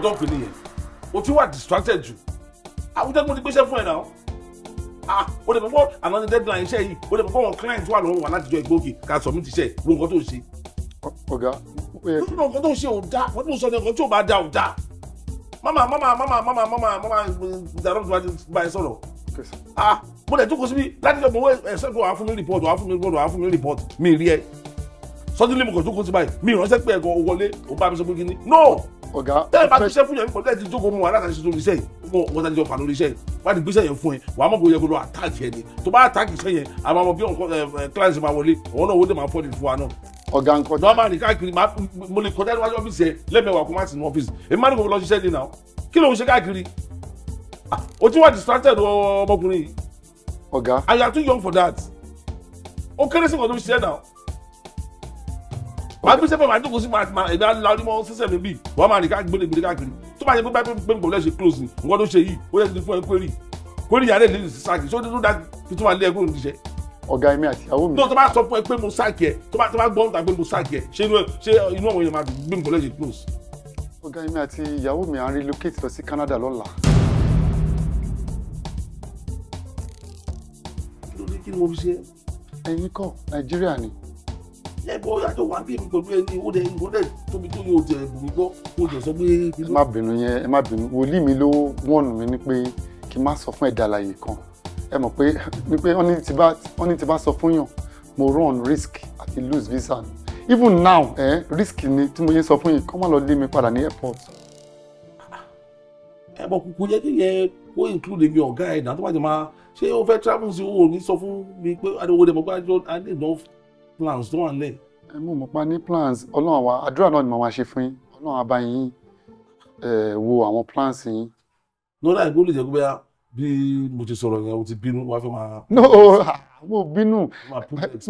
nǹkan tó ń pè nìyẹn o ti wà distracted jù àwùjọ gbọ́dọ̀ gbéṣẹ́ fún ẹ̀ náà ah o lè mọ̀ pọ̀ àná ni deadline iṣẹ́ yìí o lè mọ̀ pọ̀ wọn client wà lọ́wọ́ wa látijọ́ ìgbókè ká submit iṣẹ́ wo nǹkan tó ń ṣe. ọ̀gá ó yẹ kí. nǹkan tó ń ṣe ò dáa wọ́n tó ń sọ ní nǹkan tí ò bá dáa ò dáa mama mama mama mama mama mama ìdàrọ́ tó bá ẹ sọ̀rọ̀ ah mo lè jókòó síbi látijọ́ mo wẹ́ ẹ̀ sẹ́kọ̀ọ́ wàá fún report wàá fún mi report wàá fún mi report mi rí ẹ suddenly mo kàn jókòó sí báyìí mi ìránṣẹ́ pé ẹ̀gọ́ wọlé ò bá mi sọ pé kí ni no ọ̀gá. bẹ́ẹ̀ bá ti fún yẹn nípa bẹ́ẹ̀ ti jókòó mu aláta ṣe lórí yìí mo wọ́n tàbí ọ̀fà lórí iṣẹ́ yìí wọ́n ti gbéṣẹ́ yẹn fún ẹ wàá mọ̀ kó yẹ kó lọ àtàkì ẹ ni tó bá àtàkì iṣẹ́ yẹn àmọ́ ọmọ bí eh, eh, client ṣe máa wọlé òun náà owó dé máa fọ́ ní fún wa náà. ọ̀gá ń kọjá. normal ní káàkiri mo lè kọjá níwájú ọ́fíìsì yẹn lẹ́mẹ̀wá kó má sí ní ọ́fíìsì wàá gbé sẹ́fẹ̀ wàá jókòó sí máa ẹ̀mí aláwọ̀ mọ́ sẹ́sẹ̀ mi bì wọ́n máa rìn ká gbélé gbélé káàkiri tó bá yẹ pé báyìí pé gbọ̀ngàn ṣe close ni nǹkan tó ṣe yìí ó yẹ ti fún ẹ query query yàrá ìlú sáàkì ṣó tó dá fi tún máa lé ẹgbẹ́ òǹdíṣẹ́. ọ̀gá ẹ̀mí àti ìyàwó mi. tó bá sọ fún ẹ pé mo sáàkì ẹ tó bá gbọ́ ń ta pé mo sáàkì ẹ ṣé inú àwọn èèyàn máa gbé gbọ̀ngàn ṣe close. ọ̀gá ẹ̀mí àti ìyàwó mi à ń Canada lọ́la. kí ló dé kí ni mo fi ṣe. Nàìjíríà ni ẹ̀bọ̀ ọ̀yà tó wà bí mi pẹ̀lú ẹni ó dẹ̀ ó dẹ̀ tóbi tó yóò jẹ ẹ̀bùn mi gbọ́ ó jẹ sọ pé. ẹ má bínú yẹn ẹ má bínú wòlíì mi ló wọ̀nù mi ní pé kí n má sọ fún ẹ̀dá alàyè kan ẹ mọ̀ pé ní pé wọ́n ní ti bá sọ fún yàn mo run risk àti lose visa even now eh, risk ni tí mo yẹ sọ fún yìí kọ́ má lọ lé mi padà ní airport. ẹ̀bọ̀ kúkú yẹ kí yẹn kó include mi ọ̀gá ẹ̀ náà tó bá jẹ máa ṣé ó fẹ́ travel sí owó ní sọ fún mi pé adéwọ́dẹ̀ mọ́gbájọ́ i need enough plans tó wà nílẹ̀. ẹ mú mọ pa ní plans ọlọ́run wa àdúrà náà ni màá máa ṣe fún yín ọlọ́run á bá yín wo àwọn plans yín. nọ́dà ìgbó lè jẹ́ pé bí mo ti sọ̀rọ̀ yẹn o ti bínú wá fẹ́ máa. no mo bínú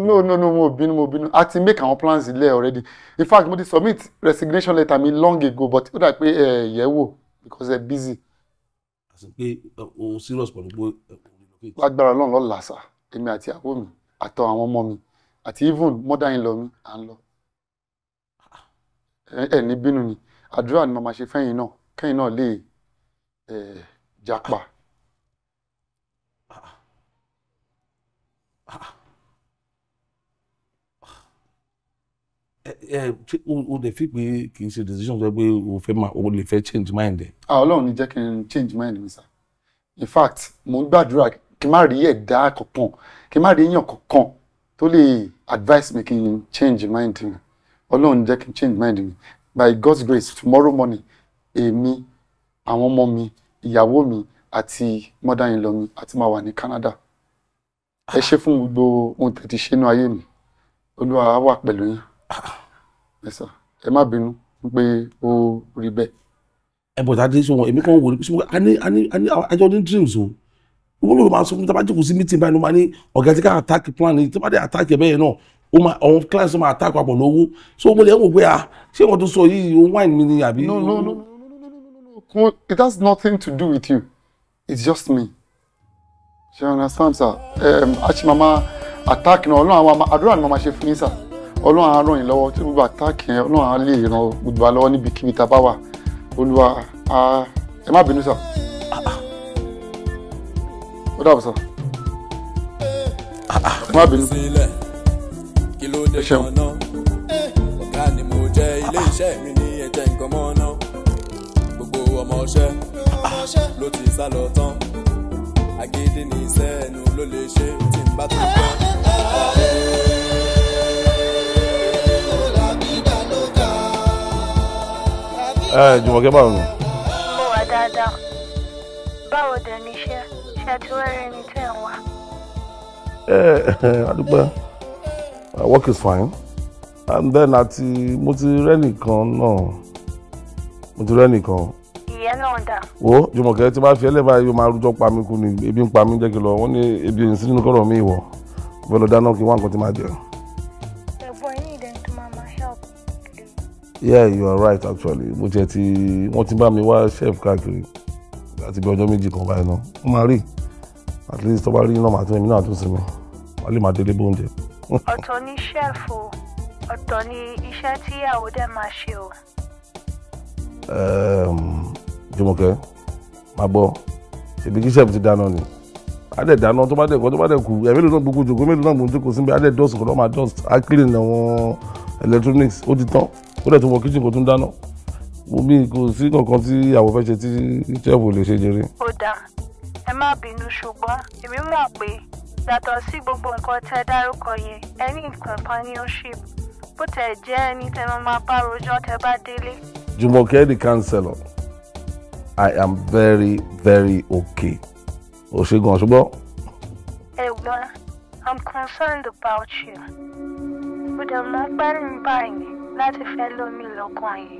no no no mo bínú mo bínú a ti make àwọn plans ilẹ̀ already in fact mo ti submit resignation letter mi long ago but ó dà pé ẹ̀yẹ̀wò because ẹ busy àti pé o serious pẹ̀lú pé. lágbára ọlọ́run lọ́la sá èmi àti àwọn mi àtọ àwọn ọmọ mi àti even mother in law mi à ń lọ ẹ ní bínú ni àdúrà ni màmá ṣe fẹ́yìn náà kẹ́yìn náà lè japa. ẹ ṣe o lè fi pé kì í ṣe decision tó yẹ pé o fẹ́ máa o lè fẹ́ change mind ẹ. Ọlọ́run ní jẹ́ kí n change mind mi sir in fact mo ń gbàdúrà kí n má rí ẹ̀dá kankan kí n má rí èèyàn kankan tó lè advice mi kí change mind mi ọlọ́run jẹ́ kí n change mind mi by God's grace tomorrow morning èmi àwọn ọmọ mi ìyàwó mi àti mother-in-law mi àti máa wà ní Canada ẹ ṣe fún gbogbo ohun tètè ṣe inú ayé mi olúwa á wà pẹ̀lú yín ẹ má bínú pé ó rí bẹ́ẹ̀. ẹ bọ̀ dáadé sọ wọn èmi kàn wò ó ní pé a ní a ní àjọ ní dreams o wọ́n ló máa sọ fún mi tábà jòkó sí meeting báyìí ló máa ní ọ̀gá tí ká attack plan ní tábà attack ẹ̀ bẹ́ẹ̀ náà ó máa àwọn clients máa attack papọ̀ lówó so mo lè wò pé ah ṣé wọ́n tó sọ yìí ó wine mi ni àbí. no no no no no no it has nothing to do with you it's just me ṣe ọ̀nà sam sir àti um, Mama attack náà ọlọ́run àwọn àdúrà ni Mama ṣe fún yín sir ọlọ́run á ràn yín lọ́wọ́ tí gbogbo attack yẹn ọlọ́run á lè ràn gbogbo wa lọ́wọ́ níbikíbi tá a bá wà olúwa ẹ má bínú sir ó dàbọ̀ sọ. Ah, ah. má bínú ẹ ṣeun. ọ̀gá ni mo jẹ́ ah, ilé iṣẹ́ mi ní ẹ̀jẹ̀ nǹkan mọ́ náà gbogbo ọmọ ọṣẹ́ ló ti sá lọ tán agídí ní iṣẹ́ ẹnu ló lè ṣe tí n bá tó gbọ́. ẹ jùmọ̀kẹ́ báwo ni. mo wà dáadáa báwo dẹ̀ ṣe ṣe eh, dúró work is fine and then àti mo ti rẹ́nìkan náà mo ti rẹ́nìkan. ìyẹn náà dà. wo jùmọ̀kẹ́ tí bá fi ẹlẹ́bàá yóò máa rújọ́ pa mí kú ni ebi ń pa mí jẹ́ kí lọ wọ́n ní ebi èyí sí nínú kọ́rọ̀ mi ìwọ̀ bẹ́ẹ̀ lọ dáná kí wọ́n nǹkan ti máa jẹ. ẹ̀gbọ́n yìí dẹ̀ tó máa máa help. yeah you are right actually mo jẹ ti wọ́n ti bá mi wá chef káàkiri àti bí ọjọ́ méjì kan báyìí náà wọ́n máa rí i at least tó bá rí nọ́ọ̀mà tí èmi náà tún sinmi wọ́n lè máa délé bóúnjẹ. ọ̀tọ̀ ni ṣẹ́ẹ̀fù ọ̀tọ̀ ni iṣẹ́ tí ìyàwó dẹ̀ máa ṣe o. Jùmọ̀kẹ́ máa gbọ́ ṣèbí kí ṣẹ́ẹ̀fù ti dáná ni adẹ dáná tó bá dẹ kọ tó bá dẹ kú ẹ̀mí ló náà gbogbo jòkó mélòó náà gbòǹdé kò síbi adẹ dust kò náà máa dust á clean àwọn electronics ó ti tán ó dẹ̀ tó wọ kitchen kó tún dáná mo bí kò sí kankan tí àwọn fẹ́ ṣe tí chef ò lè ṣe jèrè. ó dáa ẹ má bínú ṣùgbọ́n èmi mọ̀ pé yàtọ̀ sí gbogbo nǹkan tẹ́ dárúkọ yẹn ẹ ní companionship bó tẹ̀ jẹ́ ẹni tẹ́ máa máa bá rojọ́ tẹ́ bá délé. Jumoke the counselor I am very very okay òṣègùn ọ̀ṣùgbọ́. ẹ̀gbọ́n I'm concerned about you mo dẹ̀ mọ̀ pé ń báyìí láti fẹ́ lómi lọ́kàn yìí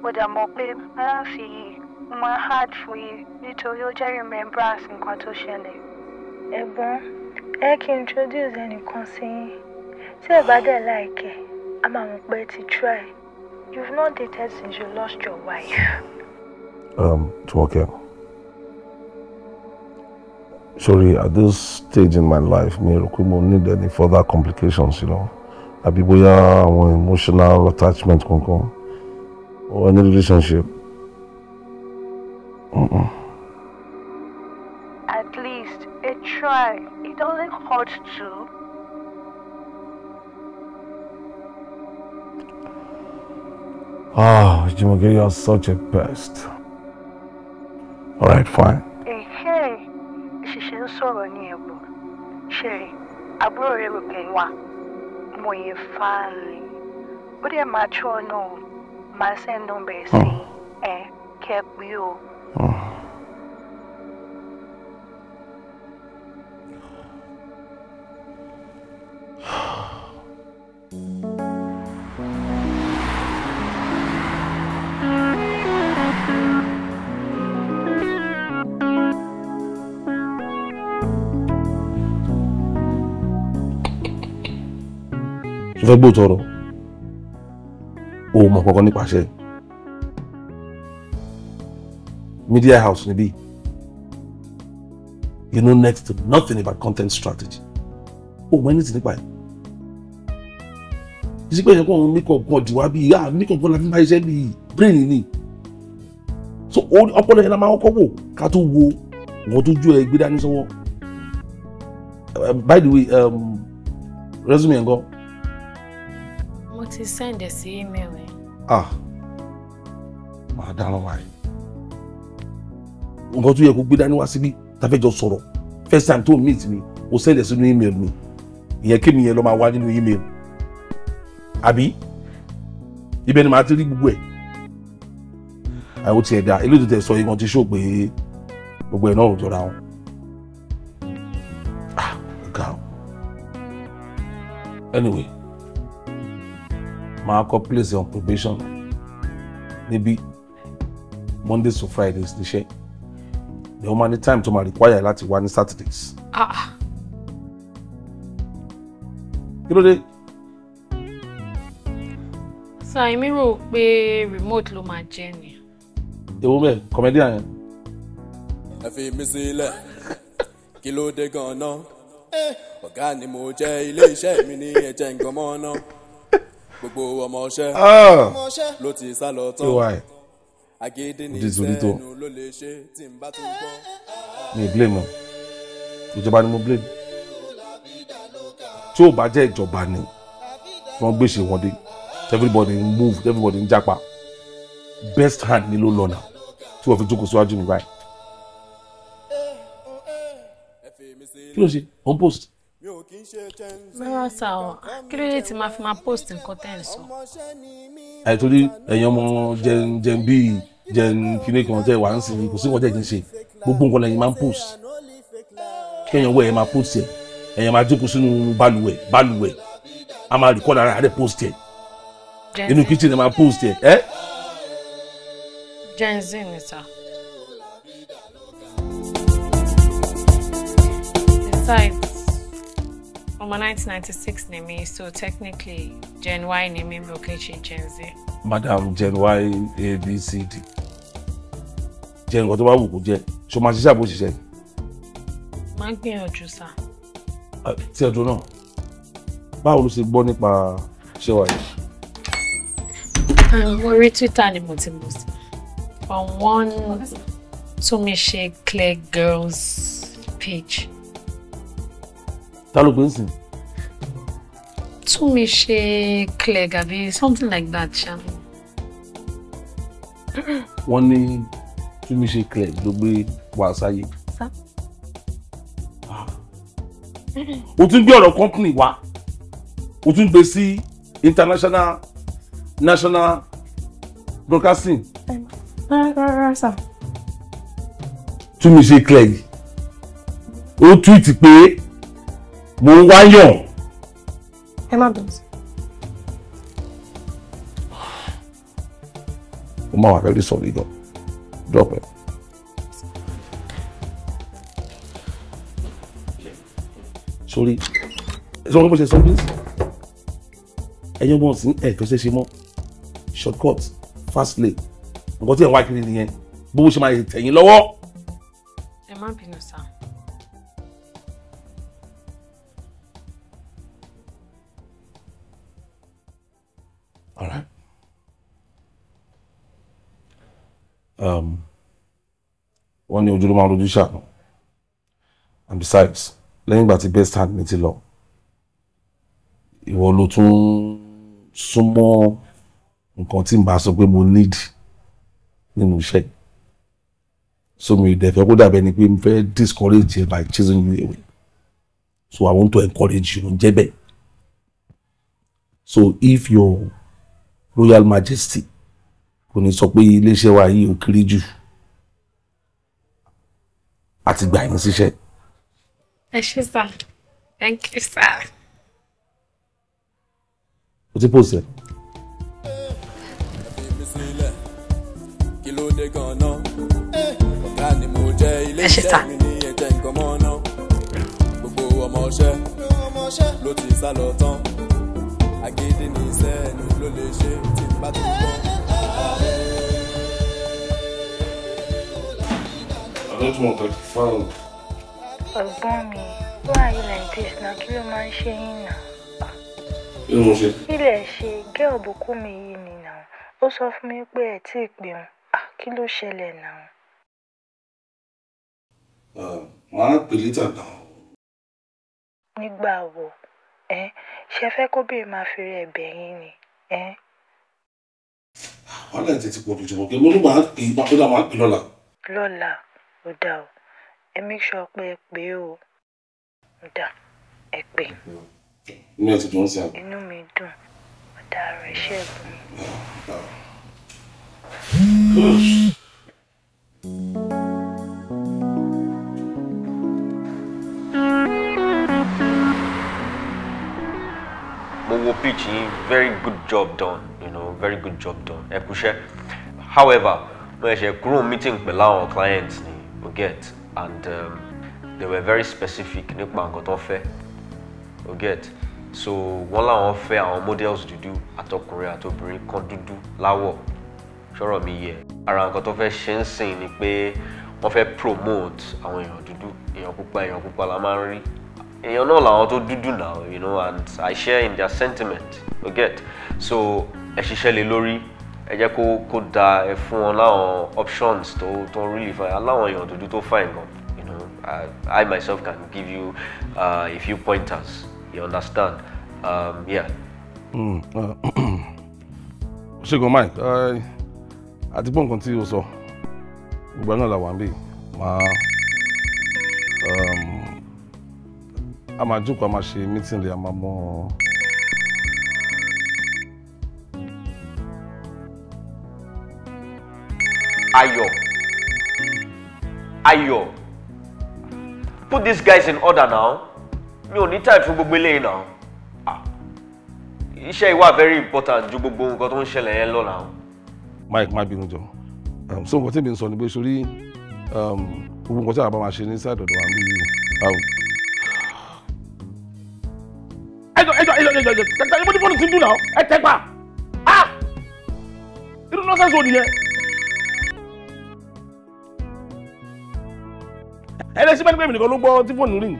mo dẹ̀ mọ̀ pé mo ń fi yìí My heart hard fún yín nítorí ó jẹ́ remembrance nǹkan tó ṣẹlẹ̀. ẹ̀gbọ́n ẹ kí n introduce ẹnìkan sí yín tí ẹ bá dẹ̀ láìkẹ́ a máa mọ̀ pé ti try you've not dated since you lost your wife. Um, Tumoke, sorry, at this stage in my life, me rò need any further complications, you know. Àbí bóyá àwọn emotional attachment kankan or any relationship. Mm-mm. At least a try. It only hurts too. Oh, ah, Jimoke, you're such a pest. All right, fine. Eh, hey, hey. Ṣìṣe ń sọ̀rọ̀ ní ẹ̀bùn. Ṣé àbúrò rẹ̀ rò pé wà? Mo yẹ fáàlì. Ó dẹ̀ máa tún ọ̀nà màá sẹ́ńdùn bẹ̀rẹ̀ sí hmm. ẹ̀ kẹ́ pé o de maa tun ona maa sendun bere si e fẹ́ gbóòtọ̀rọ̀ o mọ̀ kankan nípasẹ̀ media house níbí you know next to nothing about content strategy o mọ̀ anything nípa ẹ̀ ìsìnkú ẹ̀yẹ kọ́ ọ̀hún mikọ̀ gan jù wá bíi ah mikọ̀ gan la fi máa ṣiṣẹ́ bíi brain ni so ọpọlọ yẹn la máa kọ́ wò ká tó wo wọ́n tó ju ẹ gbé dání sọ́wọ́ by the way um, resume ẹ̀ ń gan ti sẹ́ǹdẹ̀ sí email rẹ̀. ah màá dáná wáyé nǹkan tó yẹ kó gbé dání wá síbí tàbí jọ sọ̀rọ̀ first time tó meet mi o sẹ́ǹdẹ̀ sínú email mi ìyẹn kémi yẹn ló máa wá nínú email àbí ibẹ̀ ni màá ti rí gbogbo ẹ̀ àwọn tiẹ̀ dá eléyìí tó tẹ̀ sọ igan ti ṣó pé gbogbo ẹ̀ náà ò jọra wọn. Ah, anyway máa kọ́ place on probation níbi mondays to fridays níṣẹ́ ni wọ́n máa ní time tó máa require láti wá ní saturdays. Ah. kí ló dé. sir èmi rò pé remote ló máa jẹ́ ni. èwo bẹ́ẹ̀ comedian yẹn. ẹ fi mi sílẹ̀ kí ló dé gan-an eh, ọ̀gá ni mo jẹ́ ilé iṣẹ́ mi ní ẹ̀jẹ̀ nǹkan mọ́ náà gbogbo ah! ọmọọṣẹ́ ló ti sá lọ tán agédé ní sẹ́nu ló lè ṣe tí n bá tún gbọ́. mi blame o ìjọba ni mo blame tí ò bá jẹ́ ìjọba ni wọ́n gbèsè wọn dé everybody move everybody ń japa best hand ni ló lọ náà tí wọ́n fi jókòó síwájú mi báyìí eh, oh, eh. kí ló ṣe on post rárá sá ọ kí ló dé tí máa fi máa post nǹkan tẹ́ ẹ̀ sọ. ẹ torí ẹ̀yin ọmọ jẹun jẹun bíi jẹun kíní kan tẹ wà ń sìn kò sí nǹkan tẹ ẹ ti ń ṣe gbogbo nǹkan lẹ́yìn máa ń post kẹ́yìn ọwọ́ ẹ máa post ẹ ẹ̀yin máa jókòó sínú balùwẹ̀ balùwẹ̀ a máa record ara rẹ̀ post ẹ inú kitchen ẹ máa post ẹ. Gen Z ni sá. Inside ọmọ 1996 ni mi so technically gen y ni mi mi ò kí n ṣe gen z. madam gen y a b c d jẹ nǹkan tó bá wù kó jẹ ṣo máa ṣiṣẹ́ àbò ṣiṣẹ́. máa ń gbìyànjú sá. tí ọdún náà báwo ló ṣe gbọ́ nípa ṣé wà yìí. orí twitter ni mo ti mọ̀ sí from one tó mi ṣe clear girls page ta ló pè ń tún mi ṣe clear gàbí something like that ṣá. wọ́n ní tún mi ṣe clear ló gbé wá sáyé. o tún gbé ọ̀rọ̀ company wa o tún gbé sí international national broadcasting. rárá sá. tún mi ṣe clear yìí ó túwìtì pé mo ń wáyọ̀. ẹ má bẹ̀rẹ̀ sí. mo máa wà very sorry gan drop it. sorry sọ pé mo ṣe sọ bí ẹyin ọgbọ́n sí ẹ̀jọ́ ṣe ṣe mọ́ shortcut fast lane nǹkan tí ẹ̀ ń wá kiri nìyẹn bó ṣe máa tẹ̀yìn lọ́wọ́. ẹ má bínú sáà. Um, wọ́n ní ojúlówó máa rojú ṣàánú and besides lẹ́yìn ìgbà tí best hand mi ti lọ ìwọ ló tún súnmọ́ nǹkan tí n bá sọ pé mo need nínú iṣẹ́ so mi dẹ̀ fẹ́ kó dàbẹ́ ni pé mo fẹ́ discourage you by chasing you away so I want to encourage you jẹ́ bẹ́ẹ̀ so if your royal majesty kò ní sọ pé iléeṣẹ́ wa yìí ò kéré jù àti gbà yín síṣẹ́. ẹ ṣé sá thank you sá. o ti pòsè. ẹ ṣé sá. gbogbo ọmọ ọṣẹ ló ti sá lọ tán àgídí ní sẹ́ẹ̀nù ló lè ṣe tí bá tó gbọ́. I don't want to frown. Ọ̀gbọ́n mi, why are you like this na kí ló máa ń ṣe yín nà? Kí ló ń ṣe? Ilé ṣe gẹ́ ọ̀bùkún mi yìí ni nà. Ó sọ fún mi pé ẹ̀ tí ì pè wọ́n. Kí ló ṣẹlẹ̀ nà? Um, màá pè lítà náà. Nígbà wo? Ẹn, ṣé ẹ fẹ́ kóbìnrin máa fi rẹ ẹ̀bẹ̀ yín ni? Ẹn. Wàhálà ìtẹ̀tí pọ̀ jù kí mo máa pè é, ó dá máa ń pè lọ́la. Lọ́la, ó dà o. Ẹ make sure pé ẹ pè é o. Ó dà, ẹ pè. Inú ẹ ti dùn sí àná. Inú mi dùn. Ọ̀dà rẹ̀ ṣe é fún mi. Gosh. mo pitch yìí very good job done you know very good job done ẹ kúṣẹ́ however mo ṣe kúrò meeting pẹ̀lú àwọn clients ni mo get and um, they were very specific nípa nǹkan tó fẹ́ mo get so wọ́n làwọn fẹ́ àwọn models dúdú àtọkùnrin àtobìnrin kan dúdú láwọ̀ ṣọ́rọ̀ mi yẹ ara nǹkan tó fẹ́ ṣe ń sìn ni pé wọ́n fẹ́ promote àwọn èèyàn dúdú èèyàn pupa èèyàn pupa la máa ń rí èèyàn náà làwọn tó dúdú làwọn you know and I share in their sentiment you get so ẹ ṣiṣẹ́ lé lórí ẹ jẹ́ kó kó da ẹ fún wọn láwọn options tó tó really fine aláwọn èèyàn dúdú tó fine gan you know I, I myself can give you uh, a few pointers you understand um, yeah. Mm, uh, ṣègùn mike àti uh, gbọ́ nǹkan tí o sọ gbogbo ẹ̀ náà la wà ń máa. Uh, a máa jókòó a máa ṣe mítìn lè a máa mọ. ayọ̀ ayọ̀ put these guys in order now mi ò ní time fún gbogbo eléyìí now ah. iṣẹ́ ìwà very important ju gbogbo nǹkan tó ń ṣẹlẹ̀ yẹn lọ now. Mike má bínú jọ um, so nǹkan tí mi ń sọ ni pé sórí um, gbogbo nǹkan tí a bá máa ṣe ní sáà dọ̀dọ̀ wa ń bí ẹjọ ẹjọ ẹjọ ẹjọ ẹjọ tẹtẹ ẹjọ fóònù ti dùn náà ẹ tẹ pa ah irú nọ́ọ̀sẹ̀sì òní yẹn. ẹlẹ́sìn bẹ́ẹ̀ ni bẹ́ẹ̀ nìkan ló gbọ́ tí fóònù rìn.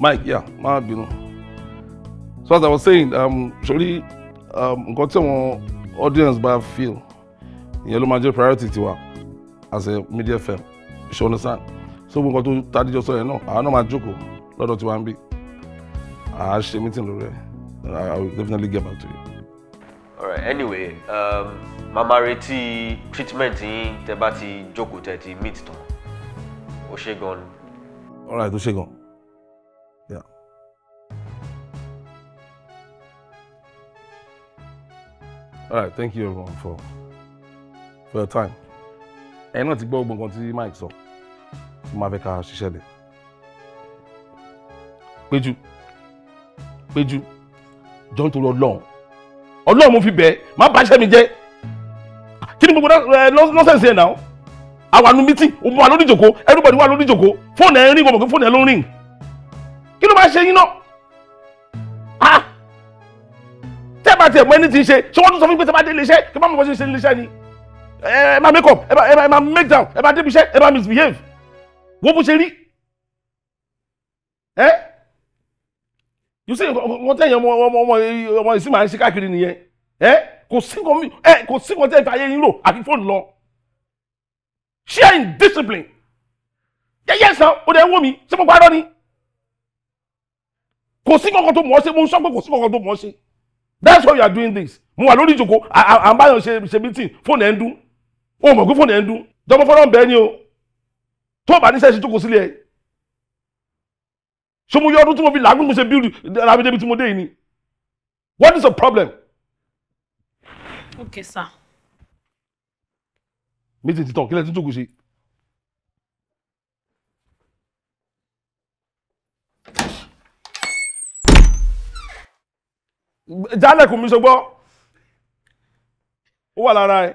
Mike yeah má bínú so as I was saying um, sori um, nǹkan tí àwọn audience bá feel ìyẹn ló máa jẹ́ priority tiwa as a media firm ṣe ọ̀nà sàn so gbogbo nǹkan tó tádíjọ sọ yẹn náà àwọn náà máa jókòó lọ́dọ̀ tí wọ́n ń bí à á ṣe meeting lórí ẹ̀ I will definitely get back to you. all right anyway um, màmá retí treatment yín tẹ bá ti jókòó tẹ ti meet tán ó ṣe gan. all right ó ṣe gan. Yeah. All right, thank you everyone for for your time ẹ náà ti gbọ́ gbogbo nǹkan tí Mike sọ tí máa fẹ́ ká ṣiṣẹ́ lẹ̀ Péjú Péjú jọ nítorí Ọlọ́run Ọlọ́run mo fi bẹ̀ ẹ́ má bá iṣẹ́ mi jẹ́ kí ni gbogbo nọ́sẹ̀nsì ẹ̀ náà àwa nu mítì òun lórí ìjòkó everybody wà lórí ìjòkó fóònù ẹ̀ ń ring ọmọ pé fóònù ẹ̀ ló ń ring kí ló máa ṣe yín náà tẹ́ bá tiẹ̀ mọ ẹni tí ń ṣe ṣé wọ́n tún sọ fún mi pé tẹ́ bá dé iléeṣẹ́ kí bá mọ̀ bọ́ ṣe ń ṣe iléeṣẹ́ ni ẹ máa make up ẹ máa ẹ máa make down ẹ máa débi iṣẹ́ ẹ máa misbehave wo bó ṣe rí ẹ you see nǹkan tẹ̀yìn ọmọ ọmọ ọmọ ọmọ ìsìn máa ń ṣe káàkiri nìyẹn ẹ kò sí nǹkan mi ẹ kò sí nǹkan tẹ̀yìn fi ayé yín lò àfi fóònù lọ share in discipline yẹ́yẹ́ sàn ó dẹ̀ ń wò mí ṣé mo parọ́ ni kò sí kankan tó mọ̀ ọ́ ṣe mo ń sọ pé kò sí kankan tó mọ̀ ọ́ ṣe that's why you are doing this mo wà lórí ìjòkó à à à ń báyọ̀ ṣe ṣe meeting fóònù ẹ̀ ń dún o mọ̀ gúfò ní ẹ̀ ń dún jọmọ fọlọ́n bẹ́ẹ̀ ni o tó bá ní sẹ́ẹ̀sì jókòó sílẹ̀ ẹ̀ ṣé mo yọ ọdún tí mo fi làágùn ṣe bíi rabi débi tí mo dé yìí ni what is the problem. okay sir. méjì ti tàn kílẹ̀ tó jókòó ṣe. jálẹ̀kùn mi ṣe gbọ́ ó wà lára ẹ̀.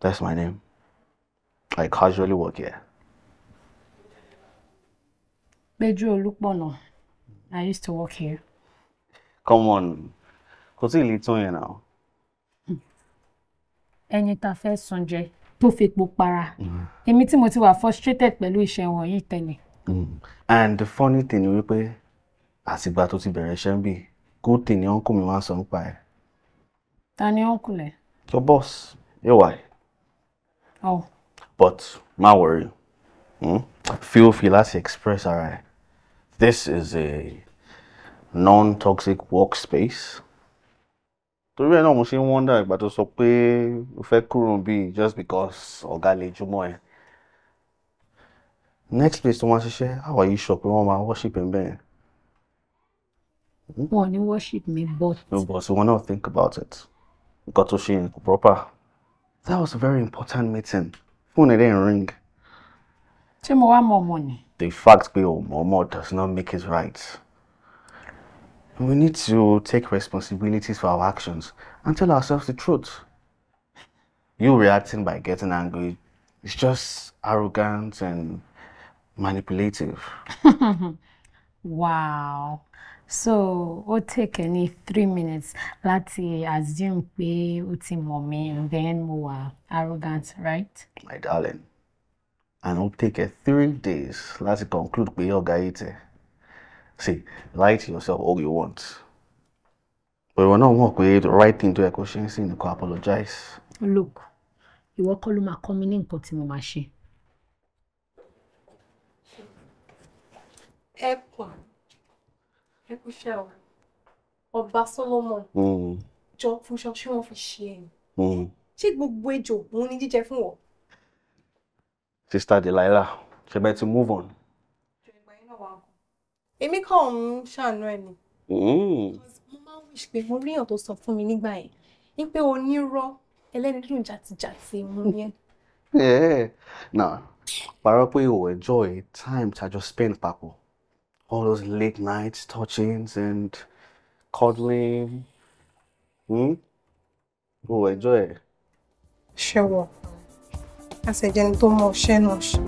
That's my name. I casually work here. Beju Olukbono. I used to work here. Come on. Kò tí ì Any tún yẹn náà. Ẹni tá a fẹ́ sùn jẹ tó fepo para. Èmi tí mo ti wà frustrated pẹ̀lú iṣẹ́ wọ̀nyí tẹ́lẹ̀. And the funny thing ni wípé àtìgbà tó ti bẹ̀rẹ̀ iṣẹ́ ń good thing ni uncle mi máa ń sọ nípa Ta ni uncle ẹ? Your boss, EY. Oh. But, má worry. Hmm? Feel free láti express ara ẹ̀. This is a non-toxic workspace. To be honest, I'm ṣe ń wonder ìgbà tó sọ pé o just because ọ̀gá lè jùmọ̀ Next place tó máa ṣiṣẹ́, how are you sure pé worshiping Ben. worship ẹ̀ bẹ́ẹ̀? Hmm? worship me but. No but, we wọ́n náà think about it. Got to see proper. That was a very important meeting. Phone didn't ring. Timo, mo more mọ̀ The fact that your mọ̀ does not make it right. We need to take responsibilities for our actions and tell ourselves the truth. You reacting by getting angry is just arrogant and manipulative. Wow. so ó take ẹ three minutes láti assume pé ó ti mọ̀ mí and then mo wà arrogant right. my darling and ó take ẹ three days láti conclude pé ọ̀gá yìí tẹ̀ see lie to yourself all you want but ìwọ náà mọ̀ pé the right thing to ẹ kó ṣe ń sìn ni kó apologize. look ìwọ kọ́ ló máa kọ́ mi ní nǹkan tí mo máa ṣe. ẹ pọ̀ ẹ kú iṣẹ́ o ọba Solomon hmm. jọ fúnṣọ ṣé wọ́n fi ṣe é ni hmm. ṣé gbogbo ejò òun ní jíjẹ fún wọn. Sister Delilah ṣe bẹ́ẹ̀ ti move on. èmi kàn ń ṣàánú ẹ ni. Hmm. mo máa ń wíṣ pé mo rí èèyàn tó sọ fún mi nígbà yẹn ní pé onírọ́ ẹlẹ́ni dùn jàtijàti mú yẹn. náà parọ́ pé o enjoy time tá a spend papọ̀ all those late nights, touchings, and cuddling. Hmm? Oh, enjoy Sure. I said, Jenny, don't more share no show.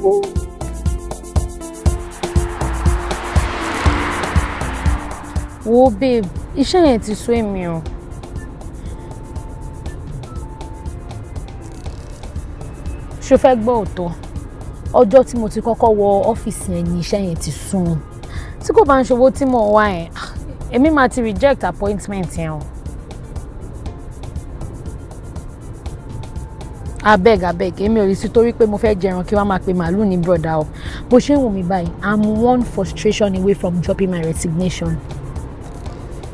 babe, iṣẹ́ yẹn ti sú èmi o. Ṣo fẹ́ gbọ́ òótọ́? Ọjọ́ tí mo ti kọ́kọ́ wọ ọ́fíìsì yẹn ni iṣẹ́ yẹn ti sú tí kò bá ń ṣòwò tí mò ń wá yẹn ah, èmi máa ti reject appointment yẹn o. abeg abeg èmi ò rí sí torí pé mo fẹ́ jẹran kí wọ́n máa pe màálù ní broda o bó ṣe ń wù mí báyìí i'm one frustration away from dropping my resignation.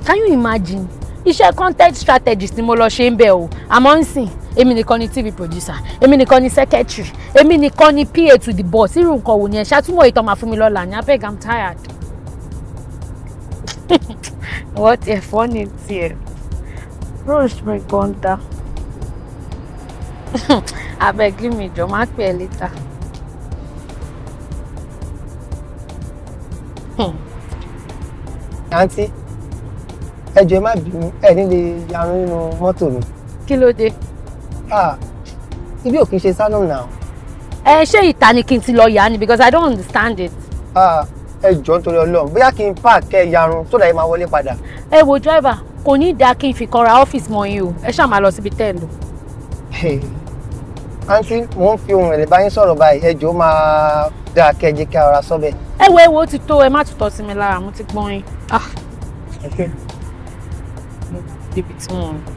can you imagine iṣẹ́ content strategist ni mo lọ ṣe ń bẹ̀ o àmọ́ ń sìn èmi nìkan ni tv producer èmi nìkan ni secretary èmi nìkan ni pa to the boss irú nǹkan wò ni ẹ ṣàtúmọ̀ ìtàn máa fún mi lọ́la ni abeg i'm tired. What a funny thing! fọ́ ní tiẹ̀ down. I beg give me jọ máa pè ẹ́ later. àǹtí ẹ jọ̀ọ́ má bínú ẹ nílé yanu nínú mọ́tò mi. kí ló dé. ibi ò kì í ṣe salon now. ẹ ṣé ìta ni kí n ti because i don't understand it. Uh, ẹ jọ̀ọ́ nítorí Ọlọ́run bóyá kí n park kẹ yarun tó dàá yìí máa wọlé padà. ẹ wo driver kò ní dáa kí n fi kọra ọ́fíìsì mọ́ yín o ẹ ṣáà máa lọ síbi tẹ́ ẹ lọ. àǹtí mò ń fi ohun ẹ̀lẹ́ bá yín sọ̀rọ̀ báyìí ẹ jọ̀ọ́ máa dáa kẹ jẹ́ kí ara sọ́bẹ̀. ẹ wo ẹ wo ti tó ẹ má tutọ́ sí mi lára mo ti gbọ́n yín. débi ah. tí wọ́n ń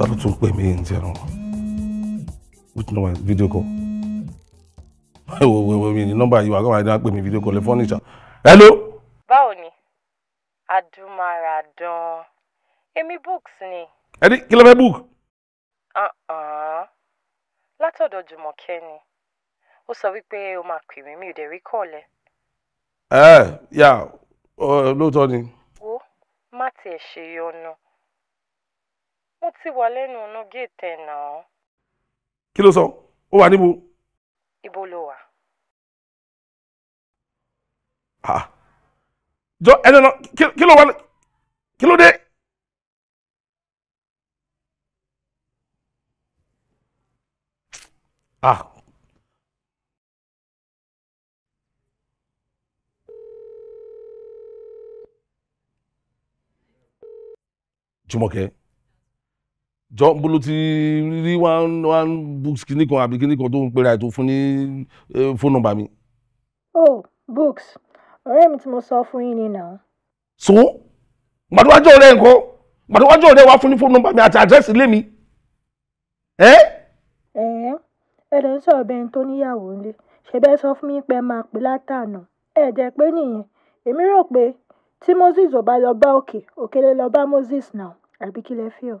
ta ló tún pè mí ní tiẹ̀ náà which number is video call wo wo wo mi ní nọ́mbà yìí wà kọ́ máa dá pè mí video call lè fọ́nìṣà hello. báwo ni adumaradan èmi books ni. ẹ ní kí ló fẹ́ book. Uh-uh. látọ̀dọ̀ jùmọ̀kẹ́ ni ó sọ wípé o máa pè mí mi ò dẹ̀ rí kọ́ọ̀lẹ̀. ẹ eh, yà oh, lóòótọ́ ni. wo má tiẹ̀ ṣe yọnu mo ti wà lẹ́nu ọ̀nà géètì ẹ̀ náà. kí ló sọ ó wà níbo. ibo ló wà. jọ ẹni ọ̀nà kí ló wà kí ló dé. ah Jùmọ̀kẹ́ jọ bolo ti rí one one books kìíní kan àbí kìíní kan tó ń pera ètò fún ní fóònù nọ́mbà mi. oh books ọ̀rẹ́ mi tí mo sọ fún yín ni náà. so gbàdúwájú ọ̀rẹ́ nǹkan gbàdúwájú ọ̀rẹ́ wa fún ní fóònù nọ́mbà mi àti àdírẹ́sì ilé mi. ẹ ẹ ẹ lè sọ̀rọ̀ bẹ́ẹ̀ tó níyàwó nílé ṣe bẹ́ẹ̀ sọ fún mi pé ẹ máa pè látànà ẹ jẹ́ pé nìyẹn èmi rò pé tí moses ò bá lọ bá òkè òkèlè lọ bá moses náà àbí kí lẹ fi ọ.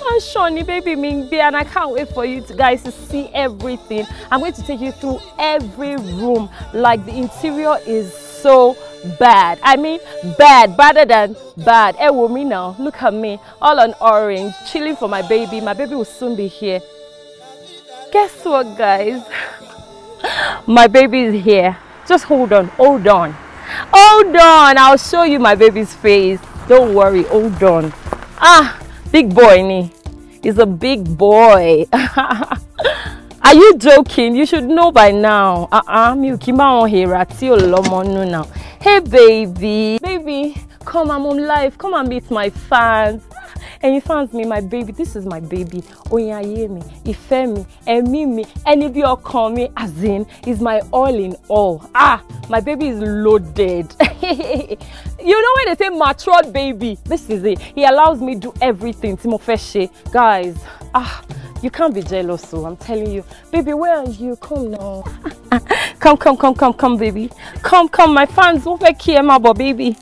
Oh, Shawnee, baby Mingbe, and I can't wait for you guys to see everything. I'm going to take you through every room. Like the interior is so bad. I mean, bad, better than bad. Hey, woman, me now, look at me, all on orange, chilling for my baby. My baby will soon be here. Guess what, guys? my baby is here. Just hold on, hold on. Hold on, I'll show you my baby's face. Don't worry, hold on. Ah, big boy ni he's a big boy are you joking you should know by now uh-uh mi ò kí bá wọn hèrà tí ò nù now hey baby baby come and mom live. come and meet my fans ẹ̀yin fans mi my baby this is my baby oyin ayé mi ìfẹ́ mi ẹ̀mí mi ẹni bí ọkàn mi as in is my all in all ah my baby is loaded you know when they say matured baby this is it he allows me do everything tí mo fẹ́ ṣe guys ah you can't be jealous so oh, i'm telling you baby where are you come now come come come come come baby come come my fans wọ́n fẹ́ kí ẹ máa bọ̀ baby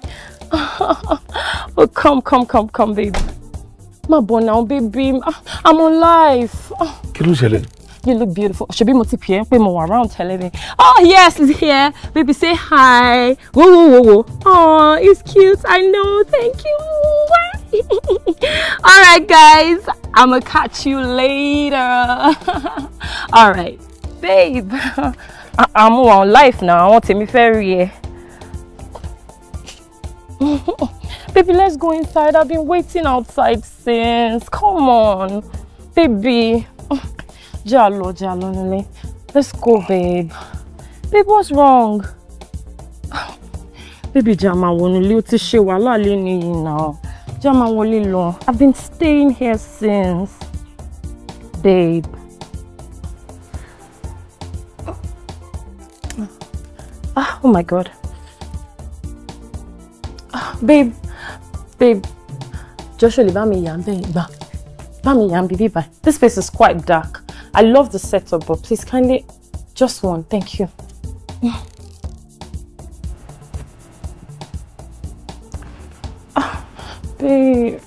oh come come come come baby má bọ̀ náà baby ah, i'm alive. life. Ah. kí ló ṣẹlẹ̀. you look beautiful ṣebí mo ti pè é pé mo wà round tẹ́lẹ̀ ni oh yes here baby say hi wo wo wo wo oh he's cute i know thank you. all right guys i'm gonna catch you later all right babe i'm on life now I want to rí ẹ. Baby, let's go inside. I've been waiting outside since. Come on. Baby. Oh, jalo, jalo, Nile. Let's go, babe. Babe, what's wrong? Baby, Jama, won't you to she wala lini now? Jama, woli long. I've been staying here since. Babe. Ah, oh my God. Ah, babe babe Joshua let me mi yà ń bẹ̀ gbà baby. mi this place is quite dark I love the setup but please kindly just one thank you. ah babe.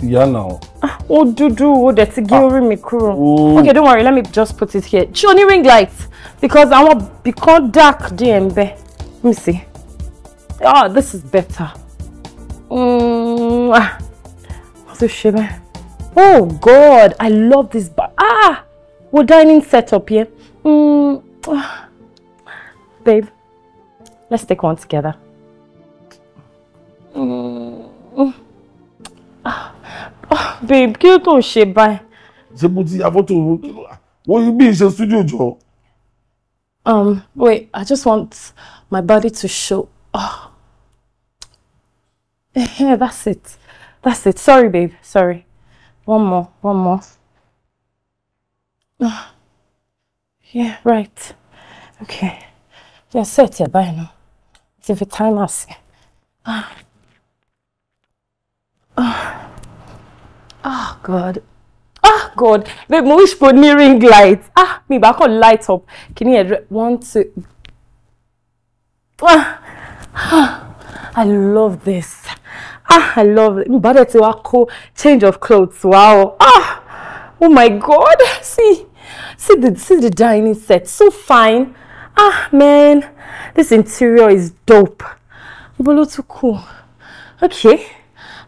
ti yá náà. do ah, dúdú That's dẹ̀ ti gé ah. orí mi kúrò okay don't worry let me just put it here ṣé o ring lights because àwọn bìkan dark díẹ̀ ń bẹ let me see oh this is better. Oh, ah, a shimmer. Oh God, I love this bar. Ah, we're dining set up here. Mm, ah. Babe, let's take one together. Mm, mm. Ah, ah, babe, kí ló tó ń ṣe báyìí? I want to. What you be in the studio Joe? Um, wait, I just want my body to show. Oh. Yeah, that's it. That's it. Sorry, babe. Sorry. One more. One more. Oh. Yeah, right. Okay. Yeah, set it by now. It's if it time us. Ah. Oh. oh, God. Ah, God. Babe, mo wish for me ring light. Ah, mi ba kàn light up. Can you want to? Ah. ah. I love this ah i love it bàdẹ ti wá kó change of clothes Wow! ah oh my god see see the see the dining set so fine ah man this interior is dope ibo ló too cool. okay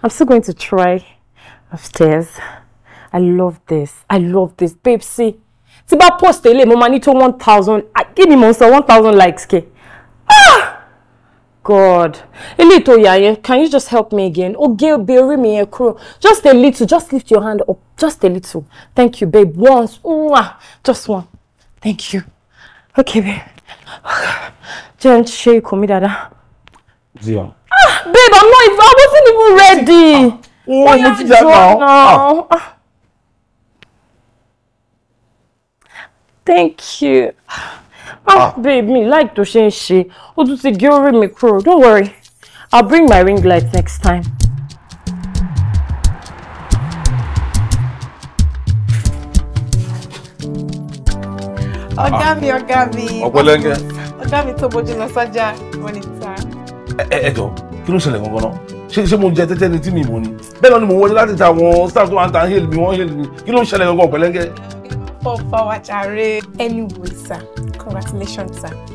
i'm still going to try upstairs i love this i love this babe see Tiba post eléyìí mo máa tó one Give ah, ni mo one thousand likes Okay. ah. God. a little, yeah. can you just help me again? Oge oh, bury me a crow. Just a little, just lift your hand up. Just a little. Thank you, babe. Once. Mwah. Just one. Thank you. Okay, babe. Jen, ṣe ikùn mi dáadáa. Zia. Ah, babe, I'm not even, I wasn't even ready. Wọ́n yóò ti dá náà. Thank you. Ah, ah, babe, me like to ṣe she. ṣe. do tún ti gé orí Don't worry, I'll bring my ring light next time. Ọ̀gá mi, ọ̀gá mi. Ọ̀pọ̀lọ́ngẹ́. Ọ̀gá mi tó bójú lọ sọ́jà Eh, eh, ẹ jọ, kí ló ṣẹlẹ̀ gangan náà? Ṣé ṣé mo jẹ tẹ́tẹ́ ni tí mi mọ̀ ni? Bẹ́ẹ̀ náà ni mo wọlé láti ta àwọn staff tó wà ń ta hail mi, wọ́n hail mi. Kí ló ń ṣẹlẹ̀ gangan ọ̀pọ̀lọ́ngẹ́? Fọ́fọ́ wa jàre. Anyway, sir. Congratulations, sir.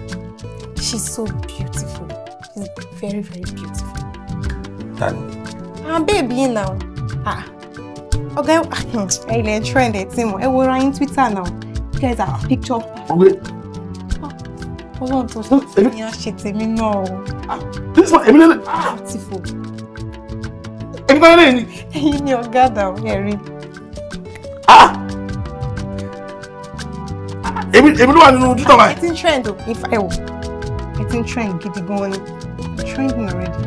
She's so beautiful. She's very, very beautiful. Tani. Ah, baby now. Ah. Okay, I didn't See more. I will on Twitter now. You guys are picture. Okay. Ah, hold on to something. You're shitting no. Ah, this one, Emily. Ah, beautiful. Emily. You know, God, Harry. Ah! èmi èmi ló wà nínú títàn báyìí. ẹ ti trend o if I, wò ẹ ti trend gidi gan ni trending already.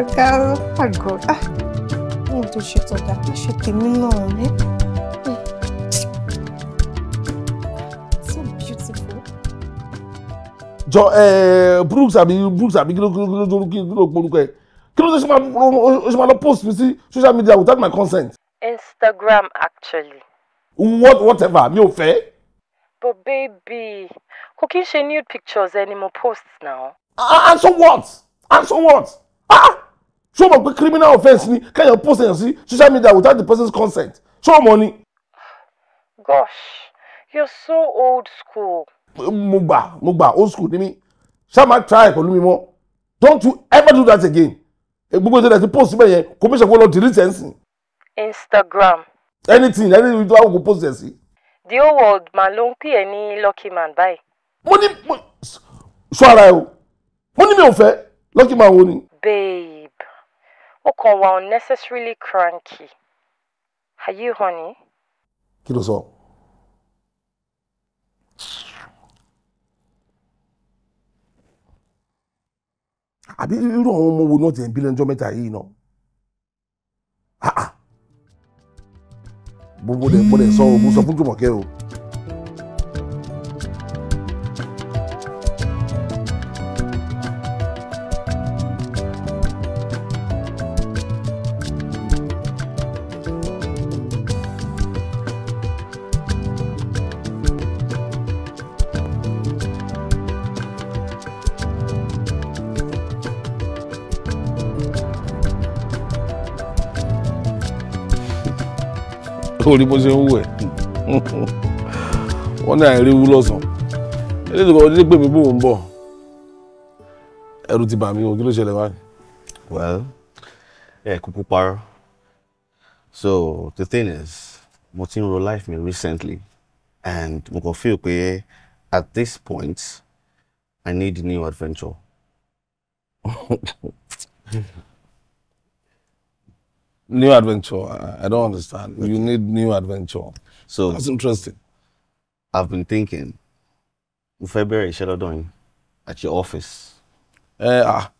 ọ̀gá àgọ́ ah mi ò tó ṣe tọ̀dà kí ṣe tèmi náà rí. jọ ẹ brooks àbí brooks àbí kí ló kí ló kí ló kí ló polúkọ ẹ kí ló ṣe ṣe máa lọ post mi sí social media without my consent. Instagram actually what whatever mi ò fẹ́. but baby kò kí n ṣe nude pictures anymore? mo post now. ah and ah, so what and ah, so what ah ṣé o mọ̀ pé criminal offence ni kéèyàn post èèyàn sí social media without the person's consent ṣé o mọ̀ ni. gosh you're so old school. mo gbà mo gbà old school ni mi ṣá máa try pẹ̀lú mi mọ́ don't you ever do that again gbogbo ìṣẹ̀lẹ̀ ti post síbẹ̀ yẹn kò bí ìṣẹ̀kọ́ lọ delete ẹ̀ ń sìn. instagram anything anything tó àwọn kò post ẹ̀ sí. the old world ma ló ń pè lucky man bye. mo ní mo sọ ara ẹ o mo ní lucky man wo babe ó kàn wá unnecessarily cranky are you honey. kí ló sọ. àbí irú àwọn ọmọ wo náà ti ẹ̀ ń I know. mẹ́ta yìí gbogbo dẹ̀ mo dẹ̀ sọ o sọ fún Jùmọ̀kẹ́ o orí bó ṣe ń wù ẹ́ wọ́n ní àìrí wú lọ́sàn eléyìí kan ọdún pè bò ń bọ̀ ẹ̀rù ti bà mí o kí ló ṣẹlẹ̀ wá. well ẹ kúkú parọ́ so the thing is mo ti ń ro life mi recently and mo kàn feel pé at this point I need new adventure. New adventure. I, don't understand. Okay. You need new adventure. So that's interesting. I've been thinking. February iṣẹ́ lọ́dọ̀ doing at your office. Ẹ eh, ah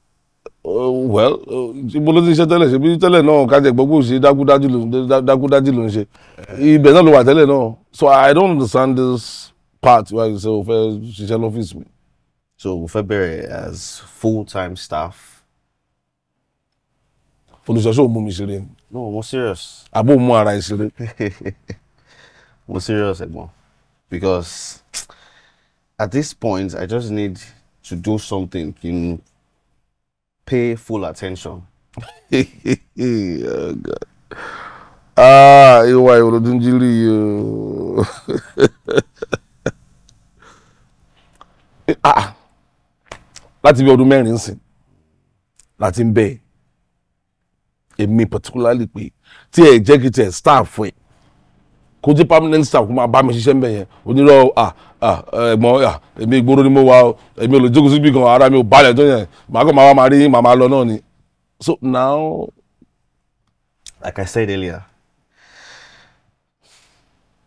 uh, well eh, ibo ló ti ṣe tẹ́lẹ̀ ṣe bí tẹ́lẹ̀ náà kájẹ gbogbo ṣe dákúdájú ló ń ṣe eh. ibẹ̀ náà ló wà tẹ́lẹ̀ náà so I don't understand this part where you say o fẹ́ ṣiṣẹ́ office. mi. So o fẹ́ as full-time staff. Olùṣọ́ṣọ́ ò mú mi ni no mo serious. àbò mú ara ìṣeré. mo serious ẹ̀gbọ́n because at this point i just need to do something kí n pay full attention. oh, God. Ah, you ìwà ìròdúnjírí yìí o. Ah, láti bí ọdún mẹ́rin sìn, láti ń bẹ́ẹ̀ èmi particularly pé tí ẹ staff fún kó jẹ́ permanent staff kó máa bá mi ṣiṣẹ́ mbẹ̀ yẹn onírọ̀ ẹ̀gbọ́n èmi ìgboro ni mo wà èmi olùjókòó síbi kan ara mi ò balẹ̀ tó yẹn màá kọ́ máa wá máa rí màá máa lọ náà ni so now. like I said earlier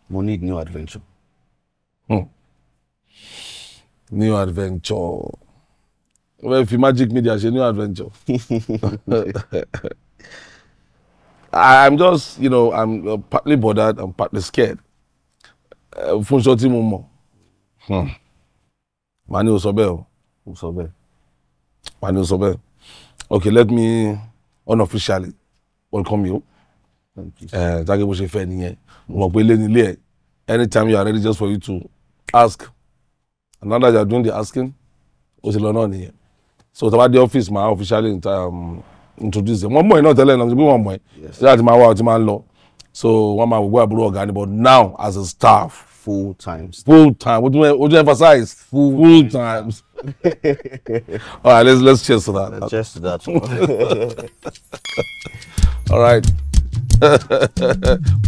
mo need new adventure. Hmm. new adventure wọ́n well, fi magic media ṣe new adventure. I, I'm just, you know, I'm uh, partly bothered and partly scared. Uh, fún iṣọ́ tí mo mọ̀, hmm. màá ní o sọ bẹ́ẹ̀ o, o sọ bẹ́ẹ̀, màá ní o sọ bẹ́ẹ̀. Okay, let me unofficially welcome you. Eh, Jágé bó ṣe fẹ́ nìyẹn, mo mọ̀ pé ilé nílé ẹ̀, anytime you are ready just for you to ask, and now that you are doing the asking, o ti lọ náà nìyẹn. So tí a bá dé ọ́fíìsì, màá officially um, introduce wọn mọ̀ ẹ́ náà tẹ́lẹ̀ náà ṣe pé wọ́n mọ̀ ẹ́ ṣé àti máa wá ọtí máa ń lọ so wọ́n máa gbogbo àbúrò ọ̀gá ni but now as a staff full time full time would you, would you emphasize full, full time all right let's let's cheers to that let's cheers to that all right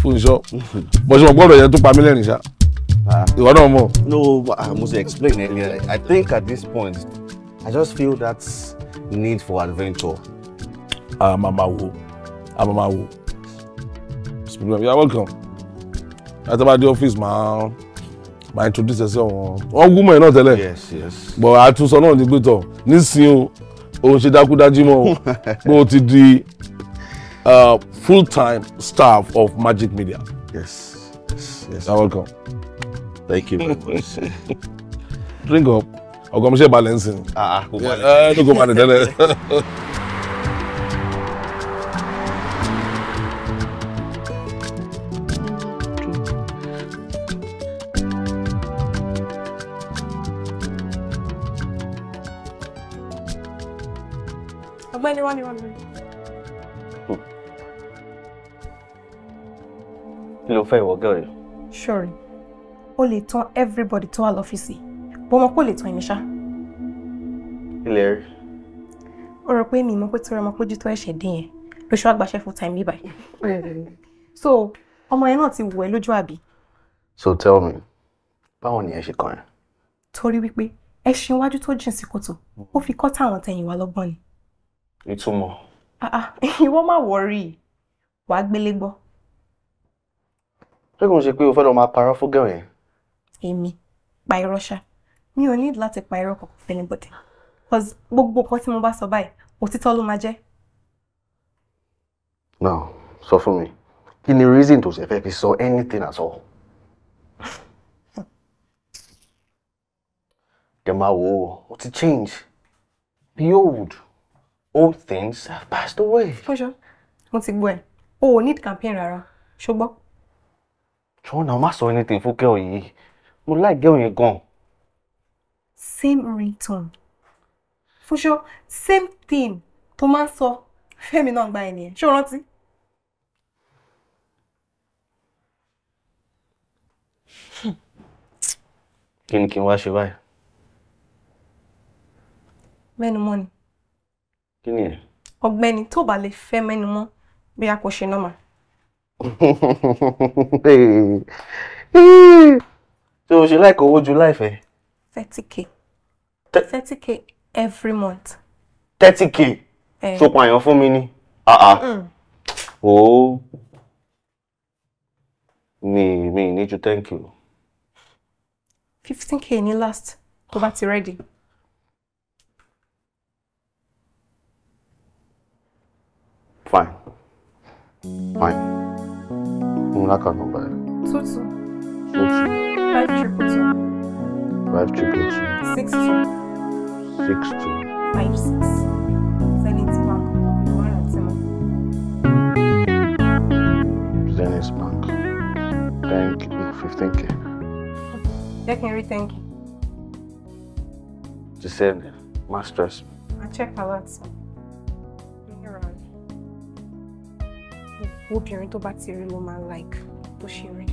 Fúnṣọ́ bó ṣe mọ̀ gbọ́dọ̀ yẹn tó pa mí lẹ́rìn ṣá ah. ìwọ náà mọ̀. no ah, I must explain earlier I think at this point I just feel that need for adventure amamawo amamawo you are welcome láti bá dé ọ́fíìsì ma, máa introduce ẹsẹ wọn wọn gúnmọ̀ ẹ̀ náà tẹ́lẹ̀ yes yes but àtúnṣe náà ní gbẹ̀tọ̀ nísìnyí o ò ṣe dákúdájú mọ́ pé o ti di full time staff of Magic Media. yes yes yes you welcome. thank you very much. drink up ọgọmọṣẹ balẹ̀ ń sìn. ah ah kò balẹ̀. ẹ ẹ ní kò balẹ̀ tẹ́lẹ̀. One minute, one Kí ló fẹ́ ìwọ gẹ́rẹ́? Sure. O lè tán everybody tó wà lọ́fíìsì. Bọ́ mọ pé o lè tán ẹni ṣá. Ilé rí. O rò pé mi mọ pé torí ọmọ pójú tó ẹ̀ṣẹ̀ dín yẹn ló ṣọ́ àgbàṣẹ́ full time níbàyí. So ọmọ yẹn náà ti wù ẹ́ lójú àbí. So tell me, báwo ni ẹ ṣe kàn yẹn? Torí wípé ẹṣin iwájú tó jìn sí kòtò, ó fi kọ́ táwọn tẹ̀yìn wá lọ́gbọ́n ni ìtumọ̀. Ah, ah, ìwọ má wọrí wàá gbélé gbọ́. ṣé kò ń ṣe pé o fẹ́ lọ máa parọ́ fún gẹ̀rọ yẹn. èmi pa irọ́ ṣá mi ò ní láti pa irọ́ kankan fún anybody because gbogbo nǹkan tí mo bá sọ báyìí òtítọ́ ló máa jẹ́. now sọ fún mi kí ni reason tó ṣe fẹ́ fi sọ anything at all. dẹ̀ máa wò ó ó ti change be old old things have passed away. fọṣọ wọn ti gbọ́ ẹ o ò need campaign rárá ṣùgbọ́n. ṣùgbọ́n náà má sọ anything fún girl yìí mo like girl yẹn gan. same ringtone fọṣọ same thing tó máa ń sọ fẹ́mi náà gba ẹ̀ nìyẹn ṣé o rántí. kí ni kí n wá ṣe báyìí. mẹ́nu mọ́ ni kí ni ẹ. ọ̀gbẹ́ni tó bá lè fẹ́ mẹ́nu mọ́ bí a kò ṣe nọ́mà. ṣé o ṣe láìka owó ju láìfẹ́. thirty k thirty k every month. thirty k tó eh. pààyàn fún mi ni ah, ah. Mm. ó ní mi ní ju ten k. fifteen k ní last tó bá ti ready. Fine. Fine. Muna kanu bayar. Tutsu. Tutsu. Five triple two. Five triple two. Six two. Six two. Five six. Zenith Bank. Zenith Bank. Thank you. 15k. Jẹ́ kí n Just send 10k. Gisele, má stress. I check my lot. obìnrin tó bá ti rí ló máa like bó ṣe rí.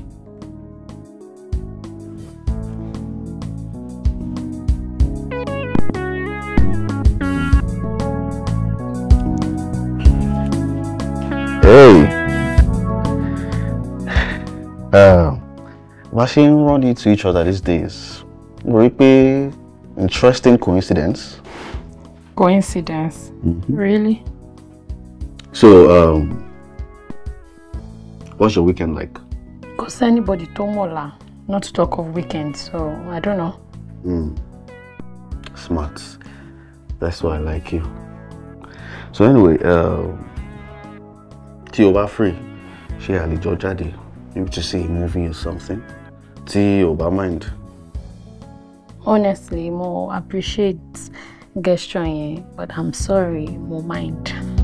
Um, bá ṣe ń run into each other these days mo rí pé interesting coincidence. coincidence mm -hmm. really. so um, What's your weekend like? Because anybody tomola, not to talk of weekend, so I don't know. Hmm. Smart. That's why I like you. So anyway, uh, tí free, She a lè jọ jáde, maybe to see a movie or something. Tí o mind. Honestly, more appreciate gesture yẹn, but I'm sorry, more mind.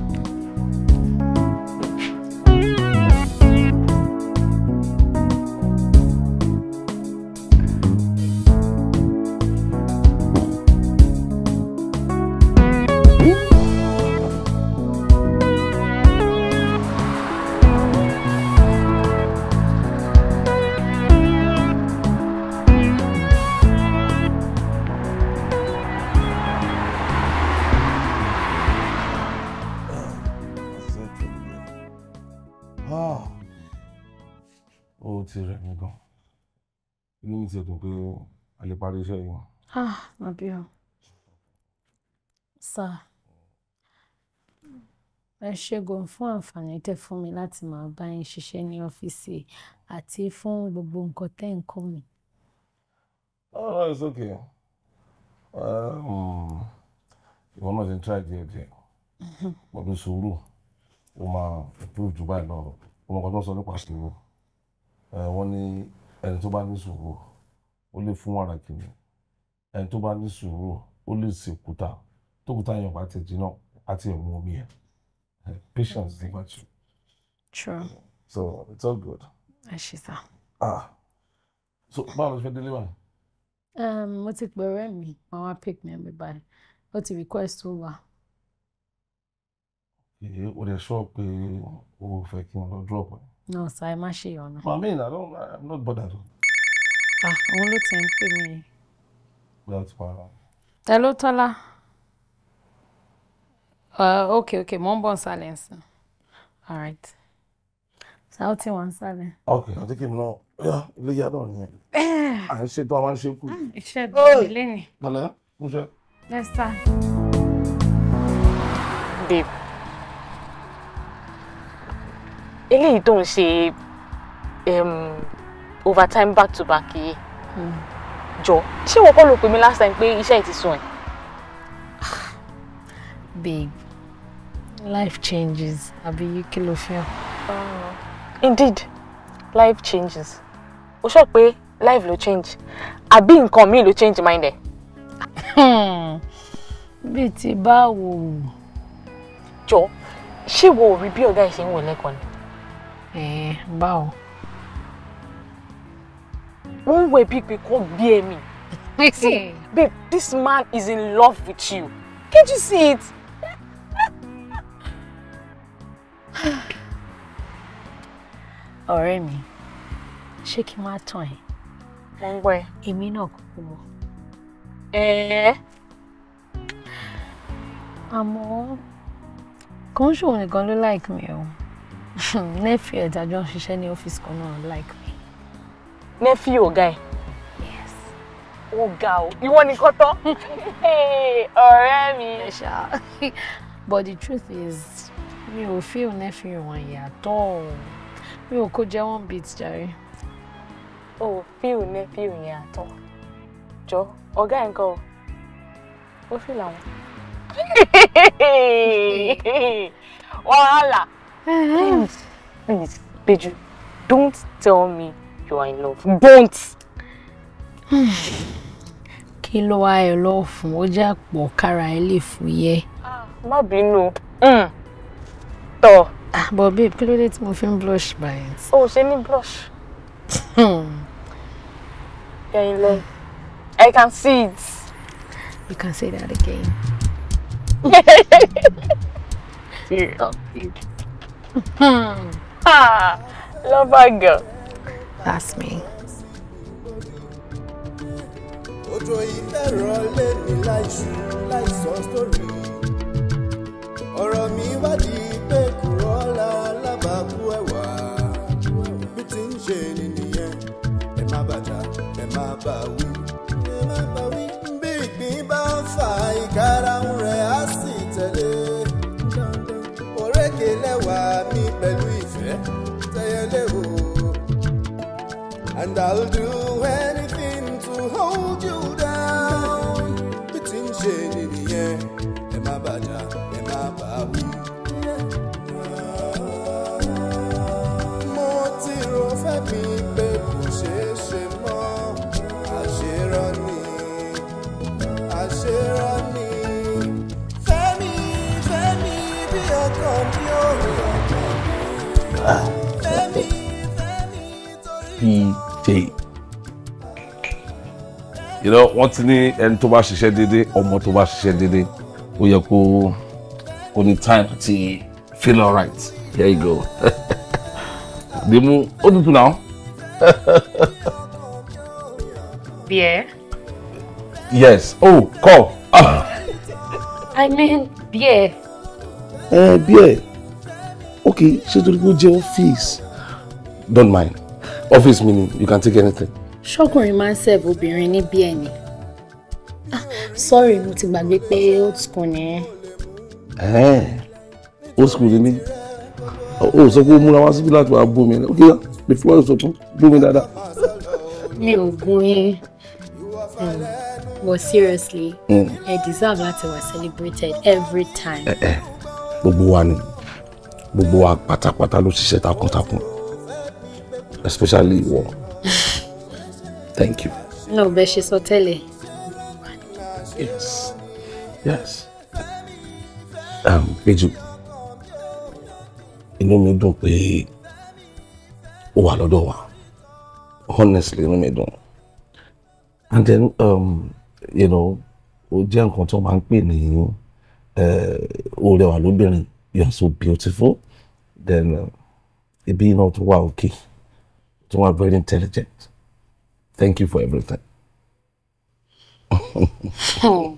parí iṣẹ́ yìí. ah nàbí o sà ẹ ṣẹ́gun fún àǹfààní tẹ́ fún mi láti máa bá yín ṣiṣẹ́ ní ọ́fíìsì àti fún gbogbo nǹkan tẹ́ ń kọ́ mi. oh ah, no it's okay um, ìwọ náà ti ń try díẹ̀ díẹ̀ pẹ̀lú mm-hmm. sùúrù ó máa improve jù báyìí lọ ọmọ kan tó ń sọ nípa sùúrù eh, wọ́n ní ẹni tó bá ní sùúrù ó lè fún wàrà kìnnì ẹni tó bá ní sùúrù ó lè ṣèkúta tókúta yẹn bá tẹ̀ jiná àti ẹ̀mú omi ẹ̀ patience dey match you. true. so it's all good. ẹ ṣe sá. ah so báwo ló fẹ́ délé wa. mo ti pè ọ̀rẹ́ mi wọn wá pick me mi báyìí ó ti request ó wà. o lè sọ pé o fẹ́ kí n lọ drop. no sir ẹ má ṣe I mean, i don't i'm not bothered ah òun ló ti ń pè mí yìí. ẹ ló tọ́lá uh, ok ok mo ń bọ̀ nsàlẹ̀ nsìn all right sáwọ́tì wà nsàlẹ̀. ok àti kí n lọ ilé yàrá ọ̀ nìyẹn eh. à ń ṣètò àwọn ṣe kú. Ah, iṣẹ́ ìdílé ni. bàlẹ́ kúṣẹ́. lẹ́sà. babe eléyìí tó ń ṣe overtime back to back yìí hmm. jọ ṣé wọ́n kọ́ ló pè mí last time pé iṣẹ́ ẹ̀ ti sùn ẹ̀. babe life changes àbí kí ló fi hàn. Uh, indeed life changes o sọ pé life ló change àbí nǹkan míì ló change mind ẹ. Hmm. bíi ti báwo. jọ ṣé wo ò rí bí ọ̀gá ẹ̀ ṣe ń wò lẹ́kọ̀ọ́ ni. Eh, báwo one way big called bear me. See, babe, this man is in love with you. Can't you see it? Ọ̀rẹ́ mi, ṣé kí n máa tàn ẹ́? Mo ń gbọ́ ẹ. Èmi náà like me, oh, Nẹ́fì ẹ̀dá jọ ń office kono like mi. nephew ọ̀gá ẹ̀. yes. Oh ga You want nìkan tán. Hey, mi. ẹ ṣá but the truth is me ò feel nephew wọn yàtọ̀ mi ò kó jẹ́ one bit jàre. o feel nephew yẹn àtọ̀ jọ ọ̀gá ẹ̀ nǹkan o ó feel uh-huh. Please, please, Péjú, don't tell me you are in love. Don't! Kí ló wá ẹ lọ fún ó jẹ́ àpò kára ẹ lè fúyẹ́. Ah, má bínú. Hmm. Tọ̀. Ah, but babe, kí ló dé tí mo fi ń blush báyìí? O ò ṣe ní blush. Hmm. You're in love. I can see it. You can say that again. You're love. Hmm. Ah, love girl. That's me. Òjò mi láìsù láìsọ pé kúrọ́ la lábàákú ẹ̀wà. Bí ti ń ṣe ni nìyẹn, ẹ má bàjá, ẹ má bà wí. Bí ìgbín bá ń fa ìkarahun rẹ̀ á sì tẹ̀lé. Òrékè mi pẹ̀lú ìfẹ́ tẹ́yẹlé o. and I'll do anything to hold you down. Between shade in the air, and my bada, and my babu. More zero for me. ṣe yìí you know wọ́n ti ní ẹni tó bá ṣiṣẹ́ déédéé ọmọ tó bá ṣiṣẹ́ déédéé ó yẹ kó kó ní time to feel alright Here you go dèmú ó tutù náà. beer. yes oh call. I mean beer. ẹ uh, eh, beer okay ṣé torí pé ó jẹ́ ọ́fíìsì don't mind office meaning you can take anything. ṣọkùnrin máa ń serve obìnrin ní bíẹ̀ ni ah, sorry mo ti gbàgbé pé old school ni. old school ni o sọ pé ó múra wá síbi láti wàá bómi ní ókè lè fi wáyé sọtún bómi dáadáa. mi ò gun yín but seriously hmm. ẹ mm. deserve láti wà celebrated every time. gbogbo wa ni gbogbo wa pátápátá ló ṣiṣẹ́ takuntakun especially war. thank you. No, but she's sọ tẹ́lẹ̀. yes yes you know me don't pay. Oh, I lọ́dọ̀ wa honestly inú mi dùn and then um, you know ó jẹ́ nǹkan tó máa ń pè eh, you are so beautiful then ibi uh, náà tó wà òkè. Okay you are very intelligent. Thank you for everything. oh.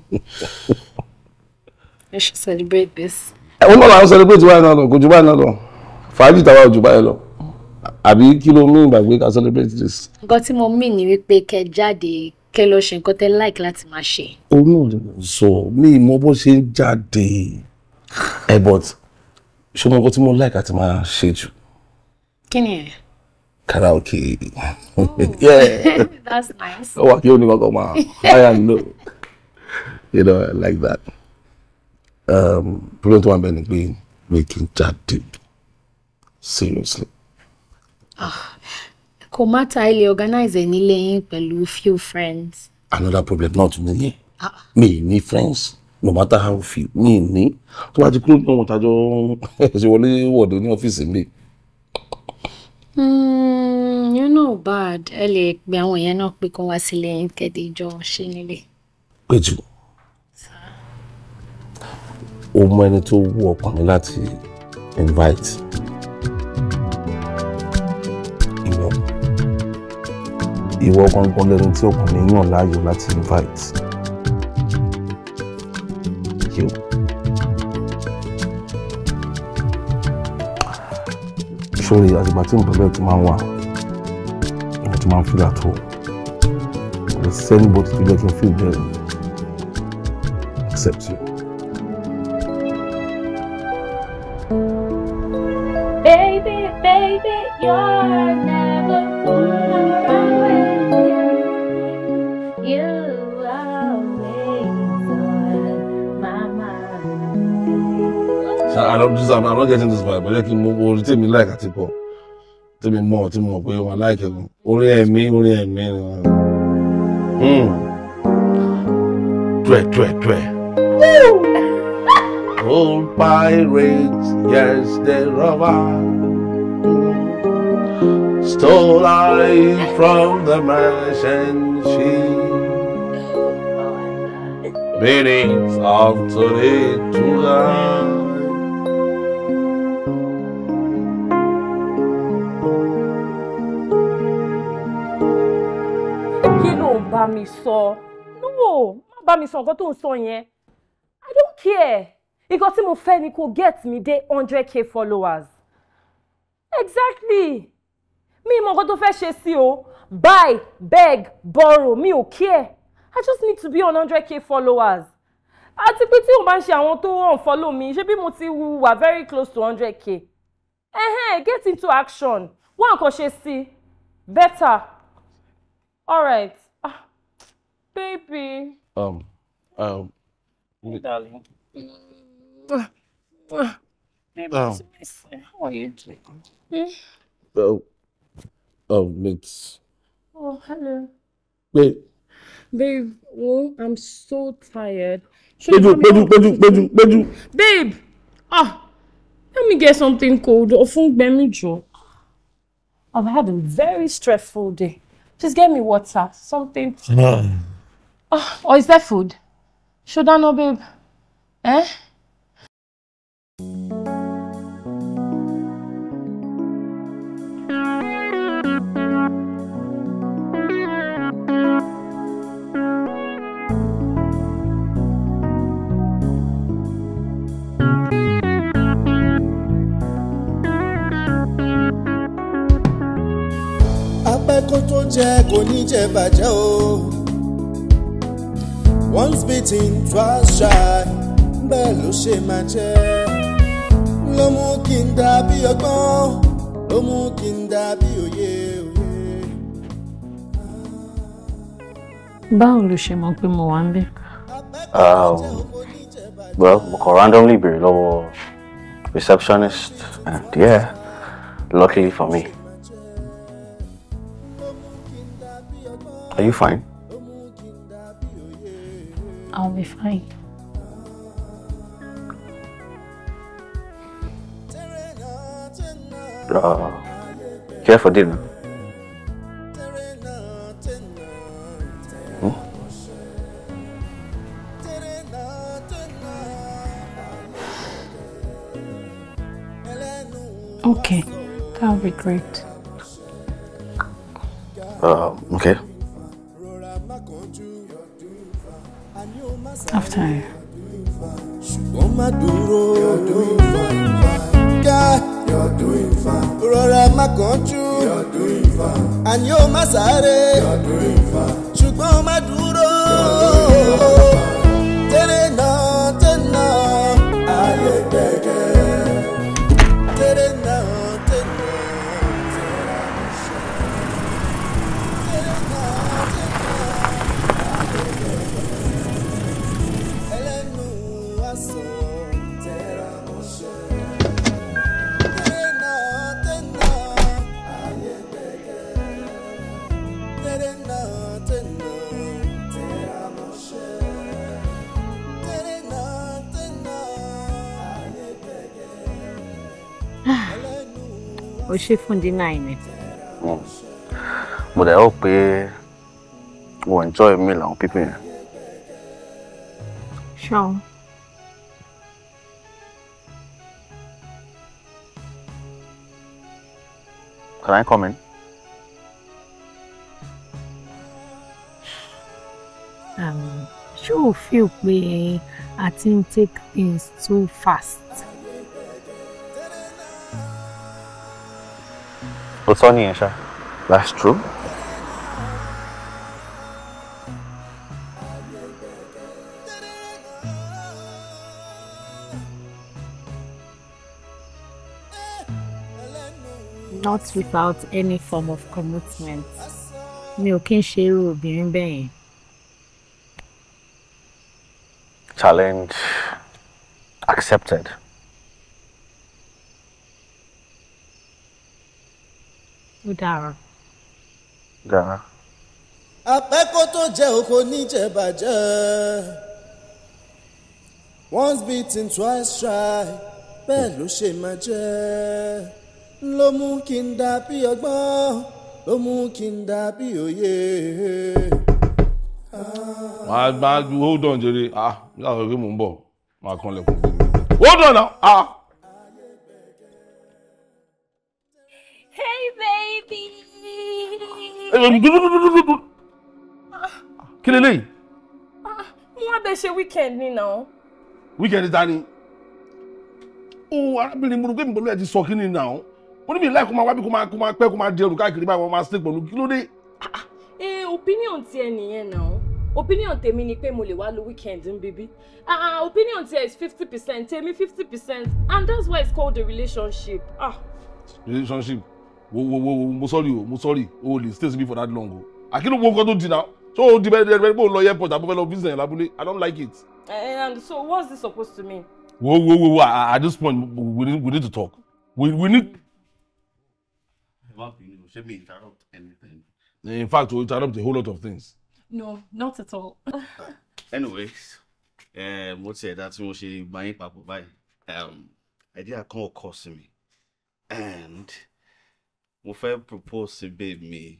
I should celebrate this. Oh no, I ń celebrate why náà Could you buy báyìí náà lọ. Fàájì tàwa ò jù báyìí kilo, Àbí by week I celebrate this? Nǹkan tí mo mì ní wípé kẹ́ jáde kẹ́ lọ ṣe nǹkan tẹ́ like láti máa ṣe. Òun náà lè sọ mí mọ bó ṣe ń eh, but ṣé mo nǹkan mo like àti máa ṣe jù? Kí ni karaoke. Oh. yeah. That's nice. Oh, you only go I am You know, like that. Um, problem to one being being making that deep. Seriously. Ah. Kò má ta ilé organize nílé yín pẹ̀lú few friends. Another problem not tún nìyẹn. me ah. ní friends no matter how few me mi ní. Tó bá ti kúrò ní ọ̀hún tájọ́ ẹ̀sìn wọlé wọ̀dọ̀ office ọ́fíìsì me? um ìyẹn náà bad ẹ lè pe àwọn yẹn náà pé kán wá sílé yín kẹ́dẹ̀ ìjọ ṣe nílé. péjú o mọ ẹni tó wú ọkàn mi láti invite ìwọ ìwọ gangan lẹni tí ọkàn mi yàn láàyò láti invite you. sórí àtìgbà tí nǹkan bẹ́ẹ̀ ti máa ń wà ti máa feel at home kò sẹ́ni bó ti fi jẹ́ kí n feel bẹ́ẹ̀ except you. tèmi láì àti pọ̀ tèmi mọ̀ tí mo mọ̀ pé wọn láì kẹ́gun orí ẹ̀mí orí ẹ̀mí ni wọn. Hmm. tuẹ̀ tuẹ̀ tuẹ̀. Old pirates, yes, they robbed. Stole life from the merchant ship minutes oh, of today to love. mi sọ no má bá mi sọ nǹkan tó ń sọ yẹn i don't care nǹkan tí mo fẹ́ ni kò get me dé hundred k followers exactly mi mọ nǹkan tó fẹ́ ṣe sí o buy beg borrow mi ò care i just need to be on hundred k followers àti pé tí o bá ń ṣe àwọn tó unfollow mi ṣé bí mo ti wà very close to hundred k ẹhẹ́n get into action wọ́n àkànṣe sí better all right. Baby. Um, um. Hey, darling. Maybe um, how are you doing? Hmm? Oh, oh, it's. Oh, hello. Wait. Babe, oh, I'm so tired. Beju, Beju, Beju, Beju, Beju. Babe, ah, let me get something cold. Ofun gbemi jo. I've had a very stressful day. Just get me water, something. Mm. Oh, or oh, is there food? Should I know, babe? Eh? apẹ́ kò ní jẹ bàjẹ́ o once bitten, twice shy bẹ́ẹ̀ ló ṣe máa jẹ́ ló mú kí n dàbí ọgbọ́n ló mú kí n dàbí òye òye. báwo ló ṣe mọ̀ pé mo wà ń bí. Ah, um, well mo kàn randomly béèrè lọ́wọ́ receptionist and yeah luckily for me. Are you fine? I'll be fine. Uh, care for dinner? Hmm? Okay, that would be great. Uh, okay. time. ṣùgbọ́n má dúró you're doing fine fine. ká you're doing fine. rọra má kánjú you're doing fine. àní ó má sáré you're doing fine. ṣùgbọ́n má dúró. ṣe fún dínà ni. Hmm. mo dẹ̀ rò pé wọ́n enjoy meal àwọn pípẹ́ yẹn. ṣọ́n. Can I come in? Um, ṣé o feel pé a ti ń take things too fast? Well, Sony is, That's true. not without any form of commitment mi challenge accepted. ó dára. dára. àpẹ́kọ́ tó jẹ́ oko níjẹ̀bàjẹ́ once beaten twice try bẹ́ẹ̀ ló ṣe máa jẹ́ ló mú kí n dà bí ọgbọ́n ló mú kí n dà bí òye. màá gbá hold on Jerry. ah yàrá rẹ mò ń bọ̀ màá kanlẹ̀kùn gbogbo hold on now ah. kí lè léyìí. wọ́n bẹ ṣe weekend ni náà. weekend ta ni. o arábìnrin mo rò pé ìbọn lóye ti sọ kí ni náà mo níbi láì kó máa wábí kó máa kó máa pẹ́ kó máa di ẹrù káàkiri báyìí wọ́n máa ṣe pẹ̀lú kí ló dé. ẹ eh, opinion ti ẹ nìyẹn náà opinion tèmi ni pé mo lè wá lo weekend ń bíbí ah, ah opinion tiẹ̀ is fifty percent tèmi fifty percent and that's why it's called a relationship. Ah. relationship wo wo wo mo sorry o mo sorry o lè stay me for that long o àkínú wo nǹkan tó di na so o di bẹ́ẹ̀ bẹ́ẹ̀ bẹ́ẹ̀ bó lọ airport àbúfẹ́ lọ business lábúlé i don't like it. Eh, eh, and so what's this supposed to mean. wo wo wo at this point we need, we need to talk we we need. ṣé mi interrupt anything. in fact we interrupt a whole lot of things. no not at all. Anyway, eh, mo ti ẹ̀dá tí mo ṣe gbayín papọ̀ báyìí um, idea kan occur sí me, and mo fẹ́ propose sí babe Me,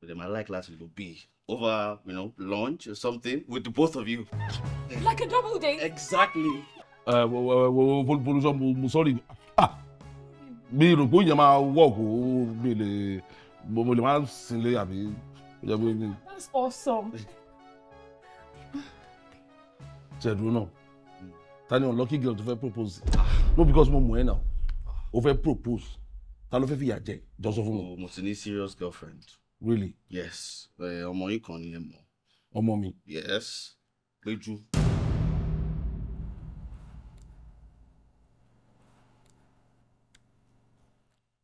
but then my like láti lo b over you know lunch or something with the both of you. like a double date. exactly. ẹ wo wo wo bolúṣọ mo sọrí mi rò pé òyìnbó máa wọ̀ọ̀kù mi lè mo lè máa sin lé àbí ọjọ́ gbé mi. that's awesome. ṣẹ̀dúró náà ta ni unlucky girl tó fẹ́ propose no because mo mọ̀ ẹ́ náà ó fẹ́ propose ta ló fẹ́ fìyà jẹ jọ sọ fún mi. Oh, mo ti ní serious girlfriend. really. yes eh, ọmọ yìí kan ni ẹ mọ. ọmọ mi. yes Péjú.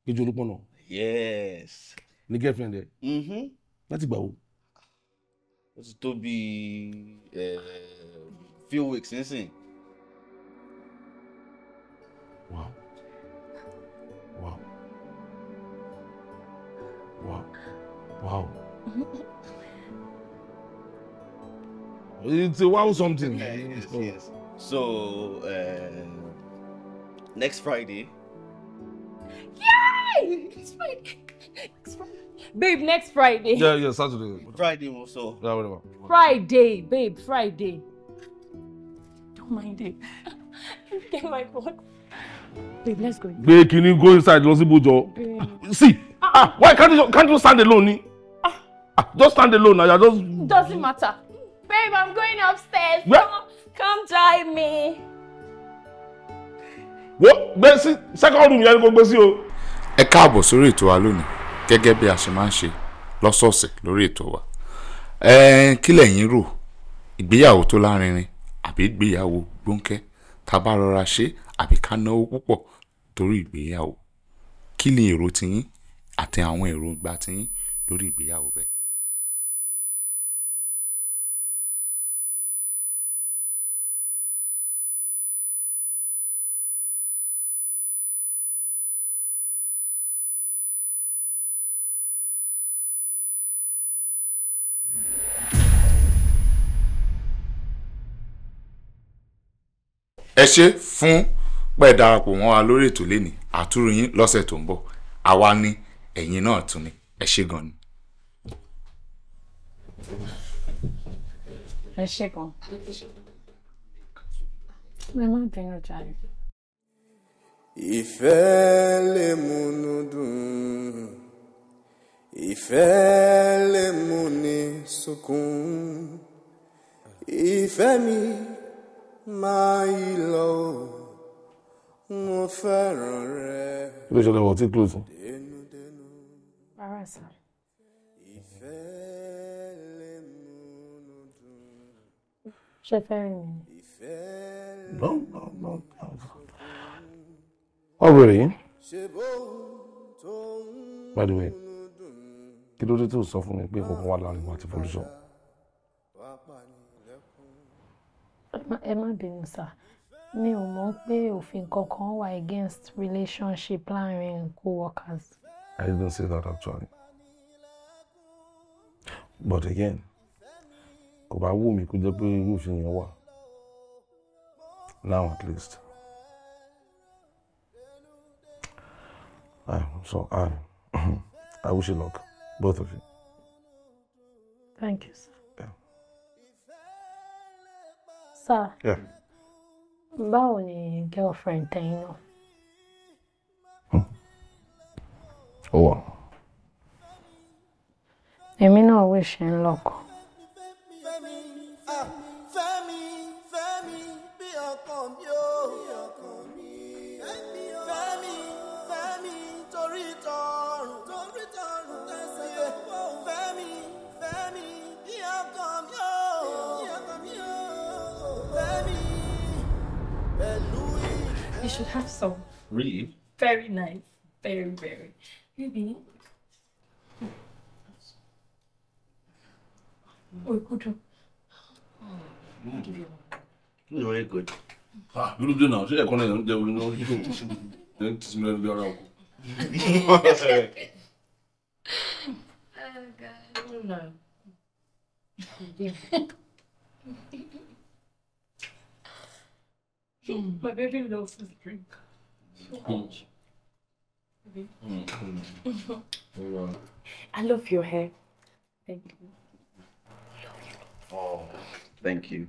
Péjú Olúpọ̀nà. yes. ní girlfriend ẹ. Mm-hmm. láti gbà wo. ó ti tó bíi eh, few weeks nísìn. wow. Wow. Wow. it's a wow something. Yeah, yes, oh. yes. So, uh, next Friday. Yay! Next Friday. Babe, next Friday. Yeah, yeah, Saturday. Whatever. Friday also. Yeah, whatever. Friday, babe, Friday. Don't mind it. Get my box. Babe, let's go. Babe, can you go inside? Losibujo. See. ah why can't you can't you stand alone ni ah, ah just stand alone na you just. doesn't matter babe i'm going upstairs. come, come join me. wo gbé second room yẹn kó gbé sí o. ẹ káàbọ̀ sórí ètò wa lónìí gẹ́gẹ́ bí a ṣe máa ń ṣe lọ́sọ̀ọ̀sẹ̀ lórí ètò wa kí lẹ̀yin rò ìgbéyàwó tó lárinrin àbí ìgbéyàwó gbóńkẹ́ tá a bá rọra ṣe àbí ká náwó púpọ̀ torí ìgbéyàwó kí ni èrò tiyín àti àwọn èròǹgbà tiyín lórí ìgbéyàwó bẹ́ẹ̀. ẹ ṣe fún pẹ́ darapọ̀ mọ́ wa lórí ètò lẹ́ni àtúrò yín lọ́sẹ̀ tó ń bọ̀ àwa ni ẹ̀yin náà tún ni ẹ ṣé gan ni. ẹ ṣé gan. ẹ má bínú jàre. ìfẹ́ lè múnú dùn ìfẹ́ lè múni sunkún ìfẹ́ mi máa yí lọ mo fẹ́ràn rẹ. kí ló ṣẹlẹ̀ wọ́n ti close right, sir. Ṣé No, no, no, no. Ọ̀bìnrin, by the way, kí ló dé tí o sọ fún mi pé kankan wà láàrin wa àti Folúṣọ? Ẹ má bínú sá, mi ò mọ̀ pé òfin kankan wà against relationship láàrin co-workers. I didn't say that actually. But again, kò bá wù mí Now at least. I, so I, I wish you luck, both of you. Thank you, sir. Yeah. Sir. Yeah. Báwo ni girlfriend tẹ̀yìn náà? ó wà. èmi náà wíṣẹ ń lọkọ. You should have some. Really? Very nice. Very, very. Bebeğim. Oh, good. Mm. Very good. Ha, yürü dün ağacı, ekonomi de oyunu oynuyor. Ben çizimleri Oh God. No. My baby loves to drink. So hmm. much. Mm. Mm. Mm. I love your hair. Thank you. Oh, thank you.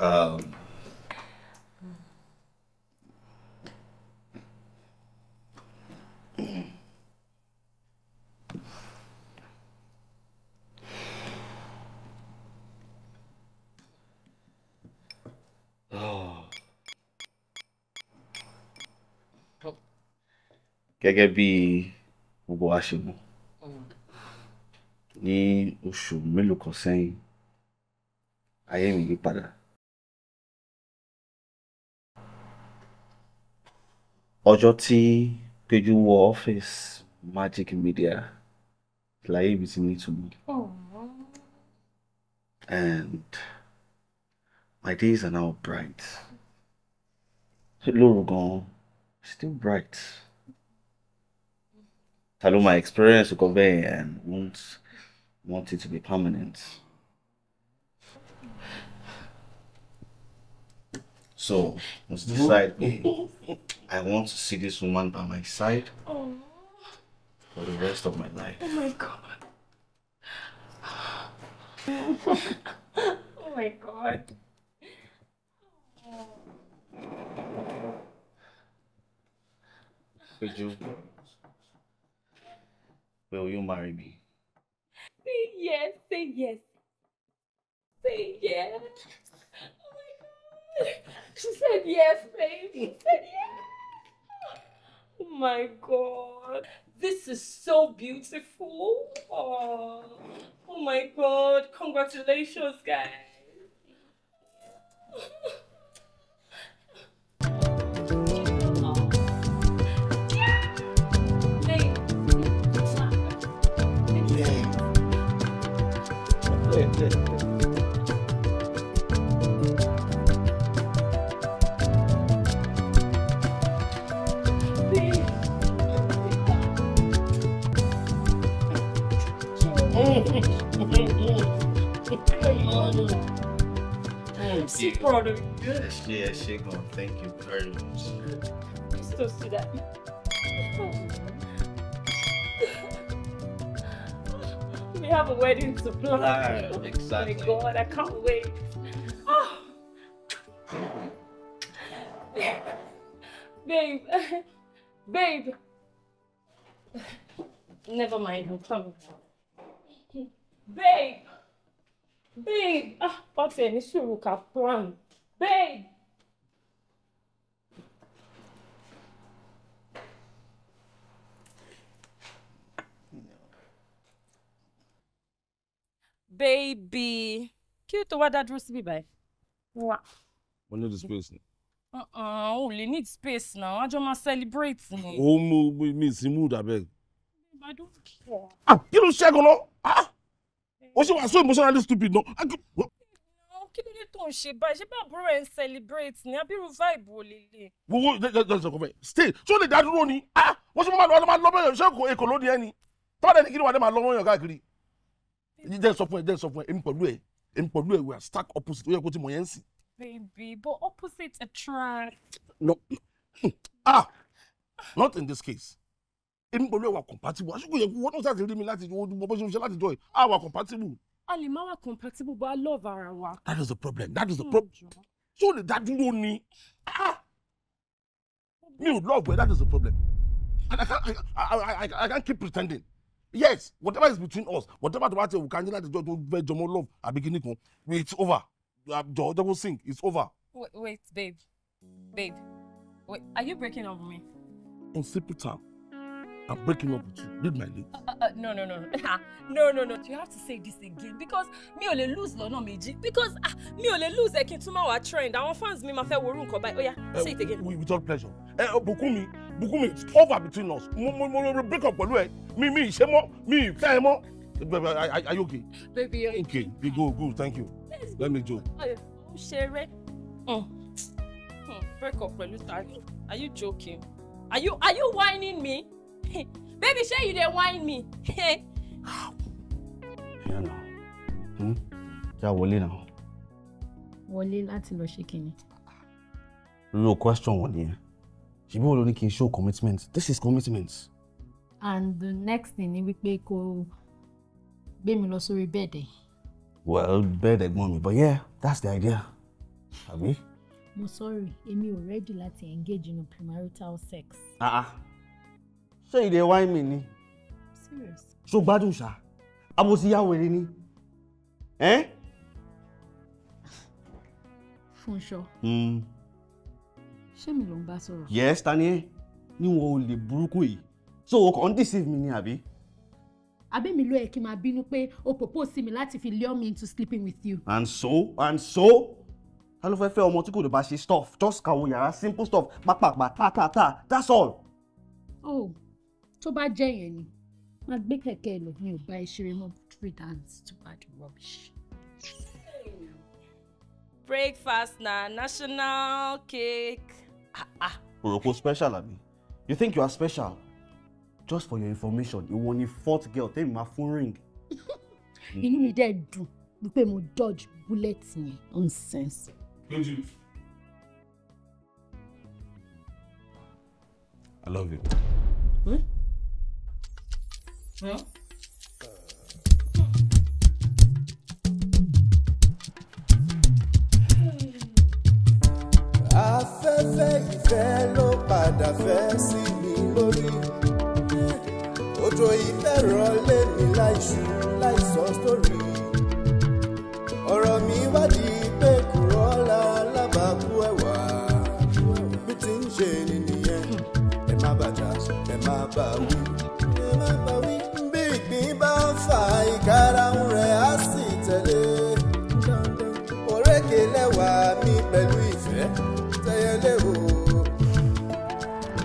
um, gẹ́gẹ́ bí gbogbo wa ṣe mọ̀ mm. ní oṣù mélòó kan sẹ́yìn ayé mi yí padà. ọjọ́ tí Péjú wọ ọ́fíìsì Magic Media láyé mi ti ní ìtumọ̀. Mm. And my days are now bright. lóru gan-an still bright. my experience to convey and won't want it to be permanent. So, let's decide, eh. I want to see this woman by my side oh. for the rest of my life. Oh my God. oh my God. Could you Will you marry me? Say yes, say yes. Say yes. Oh my god. She said yes, baby. She said yes. Oh my god. This is so beautiful. Oh, oh my god. Congratulations, guys. I'm sick, brother. Yes, yeah, she gonna thank you very much. You're so that. we have a wedding to plan. Right, exactly. Oh my god, I can't wait. Oh. Babe, babe. Never mind, I'm coming. Babe. babe ah pàṣẹ ní sùúrù ká plan babe. baby kí to tó wá dá dúró síbí báyìí. wà. mo need space ni. Uh-uh, o lè need space na wọn á jọ máa celebrate ni. o mo mi sí mood abeg. kí ló ṣẹ́gun lọ ó ṣe wà so emotionally stupid náà. kí ló dé tó ń ṣe báyìí ṣé bàbúrò ẹ̀ ń celebrate ní abiru vibe wò lélẹ̀. wo wo jọjọ kọfẹ stay tí ó lè dá dúró ni ah! wọ́n ṣe máa lọ máa lọ́mọ èèyàn ṣé kò èkó lóde ẹni tọ́lá ẹni kí ni wàá dé máa lọ́mọ èèyàn káàkiri. jẹ́ sọ fún ẹ jẹ́ sọ fún ẹ èmi pẹ̀lú ẹ èmi pẹ̀lú ẹ we are stuck opposite ó yẹ kó ti mọ̀ yẹn sí. baby but opposite attract. no hmm. ah not in this case èmi pẹ̀lú ẹ̀ compatible àṣùkò yẹ kó wọ́n náà ṣàtìrí mi láti ojú bọ́ ṣe ń ṣe láti jọ ẹ̀ á wà compatible. a lè má wà compatible bá love ara wa. that is the problem that is the hmm, problem ṣé o lè dá dúró ni hmm. mi ò love ẹ that is the problem and i can't i i i, I can't keep pretending yes whatever is between us whatever tó bá ti wù ká ní láti jọ tó fẹ́ jọmọ love àbí kíní it's over jọ ọjọ́ kó sing it's over. wait babe babe wait are you breaking up with me. on simple terms. I'm breaking up with you. Read my lips. Uh, uh, uh no, no, no. Ah, no, no, no. You have to say this again because me only lè lose lọ́nà méjì because ah, mi ò lose ẹ̀ kintuma n trend. Our fans me ma fe fẹ́ worú by. Oh yeah, say it again. With all pleasure. Ẹ eh, oh, Bukumi, Bùkúnmi it's over between us. Mo mo mo break up pẹ̀lú ẹ. me, mi ìṣe mọ́ mi ìfẹ́ ẹ Baby, are, are you okay? Baby, you're okay. Okay, go, go. Thank you. Yes. Let me Oh go. Ó ṣeré. Hmm. Hmm, break up pẹ̀lú tari. Are you joking? Are you, are you whining me? baby shey you dey whine me. ẹyọ náà kí a wọlé náà. wọlé láti lọ ṣe kínní. lo question wọn nìyẹn ṣebí wo ló ní kí n show commitment this is commitment. and the next thing ni wípé kò gbé mi lọ sórí bẹ́ẹ̀dẹ̀. well bẹ́ẹ̀dẹ̀ gbọ́n mi but yeah that's the idea. àbí. mo sorry èmi ò ready láti engage in premarital sex. Uh -uh ṣé ìdè wáìnì ni ṣó gbádùn ṣá àbòsí ya wèrè ni. Fúnṣọ hmm. ṣé mi ló ń bá sọ̀rọ̀. yes ta ni ẹ níwọ̀n olè burúkú yìí so o kàn ń deceive mi ni àbí. àbí mi ló yẹ kí n máa bínú pé o propose sí mi láti fi lure me into sleeping with you. and so and so ta ló fẹ́ fẹ́ ọmọ tí kò lè bá ṣe stuff just kàwé yàrá simple stuff ta ta ta. that's all. oh tó bá jẹ́ yẹn ni máa gbé kẹ̀kẹ́ lọ mi ò bá ẹ ṣeré mọ́ three times too bad rubbish. breakfast na national cake. o rò pé special Abi. you think you are special just for your information ìwọ ni fourth girl tẹ́mi máa fún ring. inú mi dẹ̀ dùn wípé mo dodge bullet yẹn nonsense. lójú. I love you. Hmm? afẹ́fẹ́ ìfẹ́ ló padà fẹ́ sí mi lórí òjò ìfẹ́ rọlé mi láìṣu láìsọ sórí ọ̀rọ̀ mi wádìí pé kúrọ́ la lábàákú ẹ̀wà bí ti ń ṣe nìyẹn ẹ má bàjá ẹ má bàwí.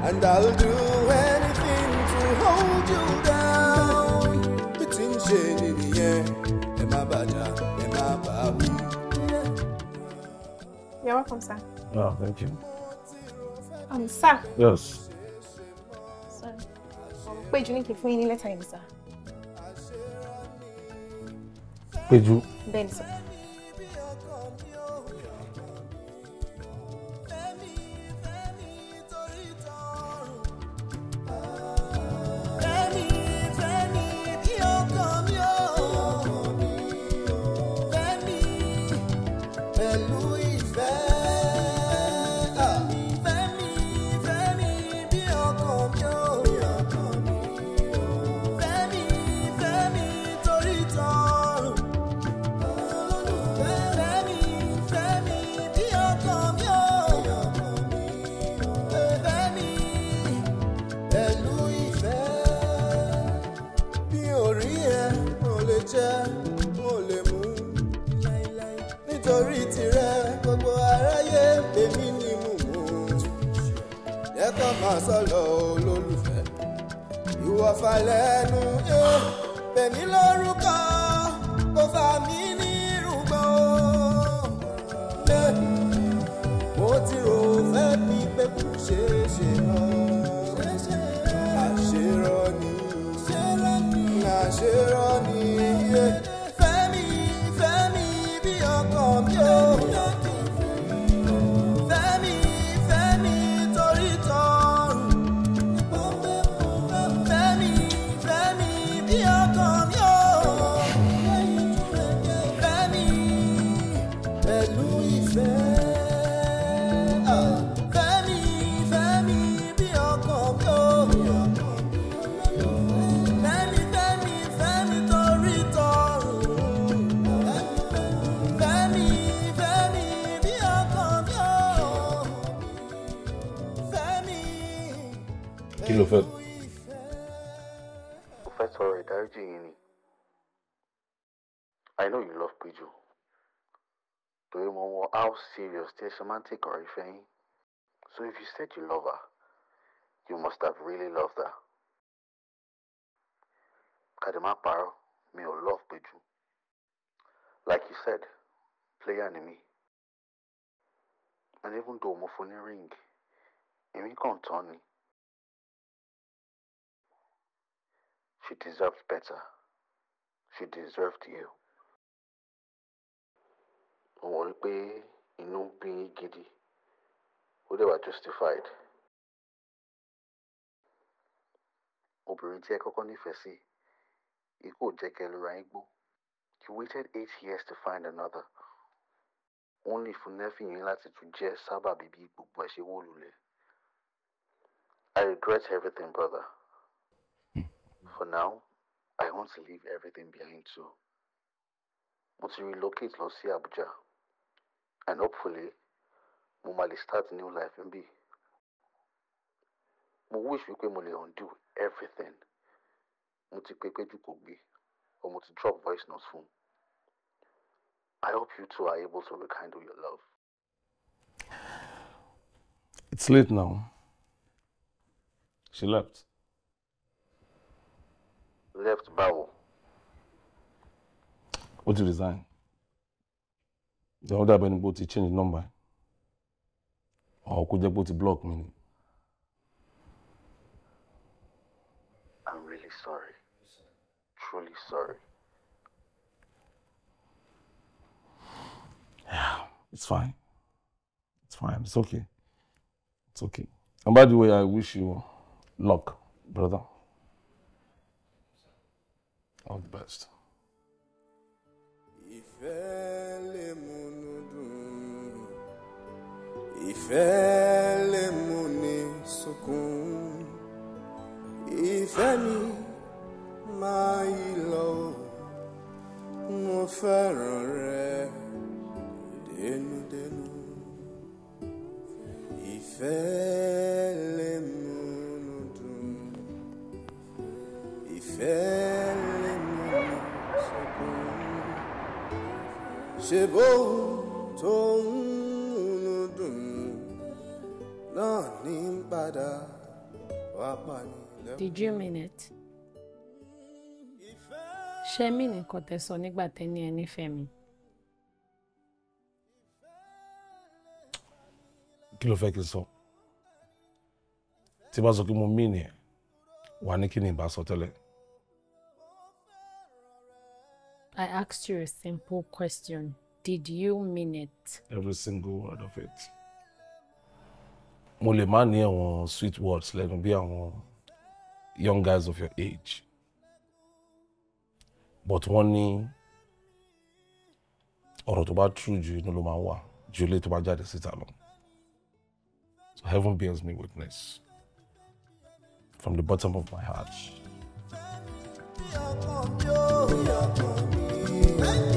and I'll do anything to hold you down. Bí ti ń ṣe nìyẹn, ẹ má bàjá, ẹ má bà You're welcome, sir. Oh, thank you. Um, sir. Yes. Sir. Péjú ní kí n fún yín ní lẹ́tà sir. sir. Péjú. Bẹ́ẹ̀ni, sir. Semantic or anything. So if you said you love her, you must have really loved her. Kadima Paro, me o love Peju. Like you said, play enemy. And even though mo phone ring, èmi kàn tán ni. She deserves better. She deserved you. Mo inú ń gidi ó dẹ̀ wá justified. obìnrin tí ẹ kọ́kọ́ nífẹ̀ẹ́ sí ikú ò jẹ́ kẹ́ ẹ lura yín gbó waited eight years to find another only fún nẹ́fìn yín láti tún jẹ́ sábàbí bí gbogbo ẹ̀ ṣe wó lulẹ̀. I regret everything brother hmm. for now I want to leave everything behind too mo ti relocate lọ sí Abuja and hopefully mo máa lè start new life níbí. Mo wish wípé mo lè undo everything. Mo ti pe Péjú kò gbé or mo ti drop voice note fún I hope you two are able to rekindle your love. It's late now. She left. Left Báwo. What do you resign? ó dàbẹ̀ ni pé ó ti change number Or could they pé ó ti block mi I'm really sorry truly sorry. Yeah, it's fine. It's fine. It's okay. It's okay. And by the way, I wish you luck, brother. All the best. Ifele lè mú ni sunkún ìfẹ́ mi máa yí lọ mo fẹ́ràn rẹ dénúdénú ìfẹ́ lè dùn ìfẹ́ lè mú ni sunkún náà ní ń padà wá pa ní Did you mean it? ṣé mí nìkan tẹ sọ nígbà tẹ ní ẹ nífẹ̀ẹ́ mi. kí ló fẹ́ kí n sọ tí bá sọ pé mo mí nìyẹn wà ní kí ni ìbá sọ tẹ́lẹ̀. I asked you a simple question. Did you mean it? Every single word of it mo lè má ní àwọn sweet words lẹ́nu bí àwọn young guys of your age but wọ́n ní ọ̀rọ̀ tó bá true ju inú ló máa wà ju ilé tó bá jáde síta lọ so heaven bears me witness from the bottom of my heart. Thank you.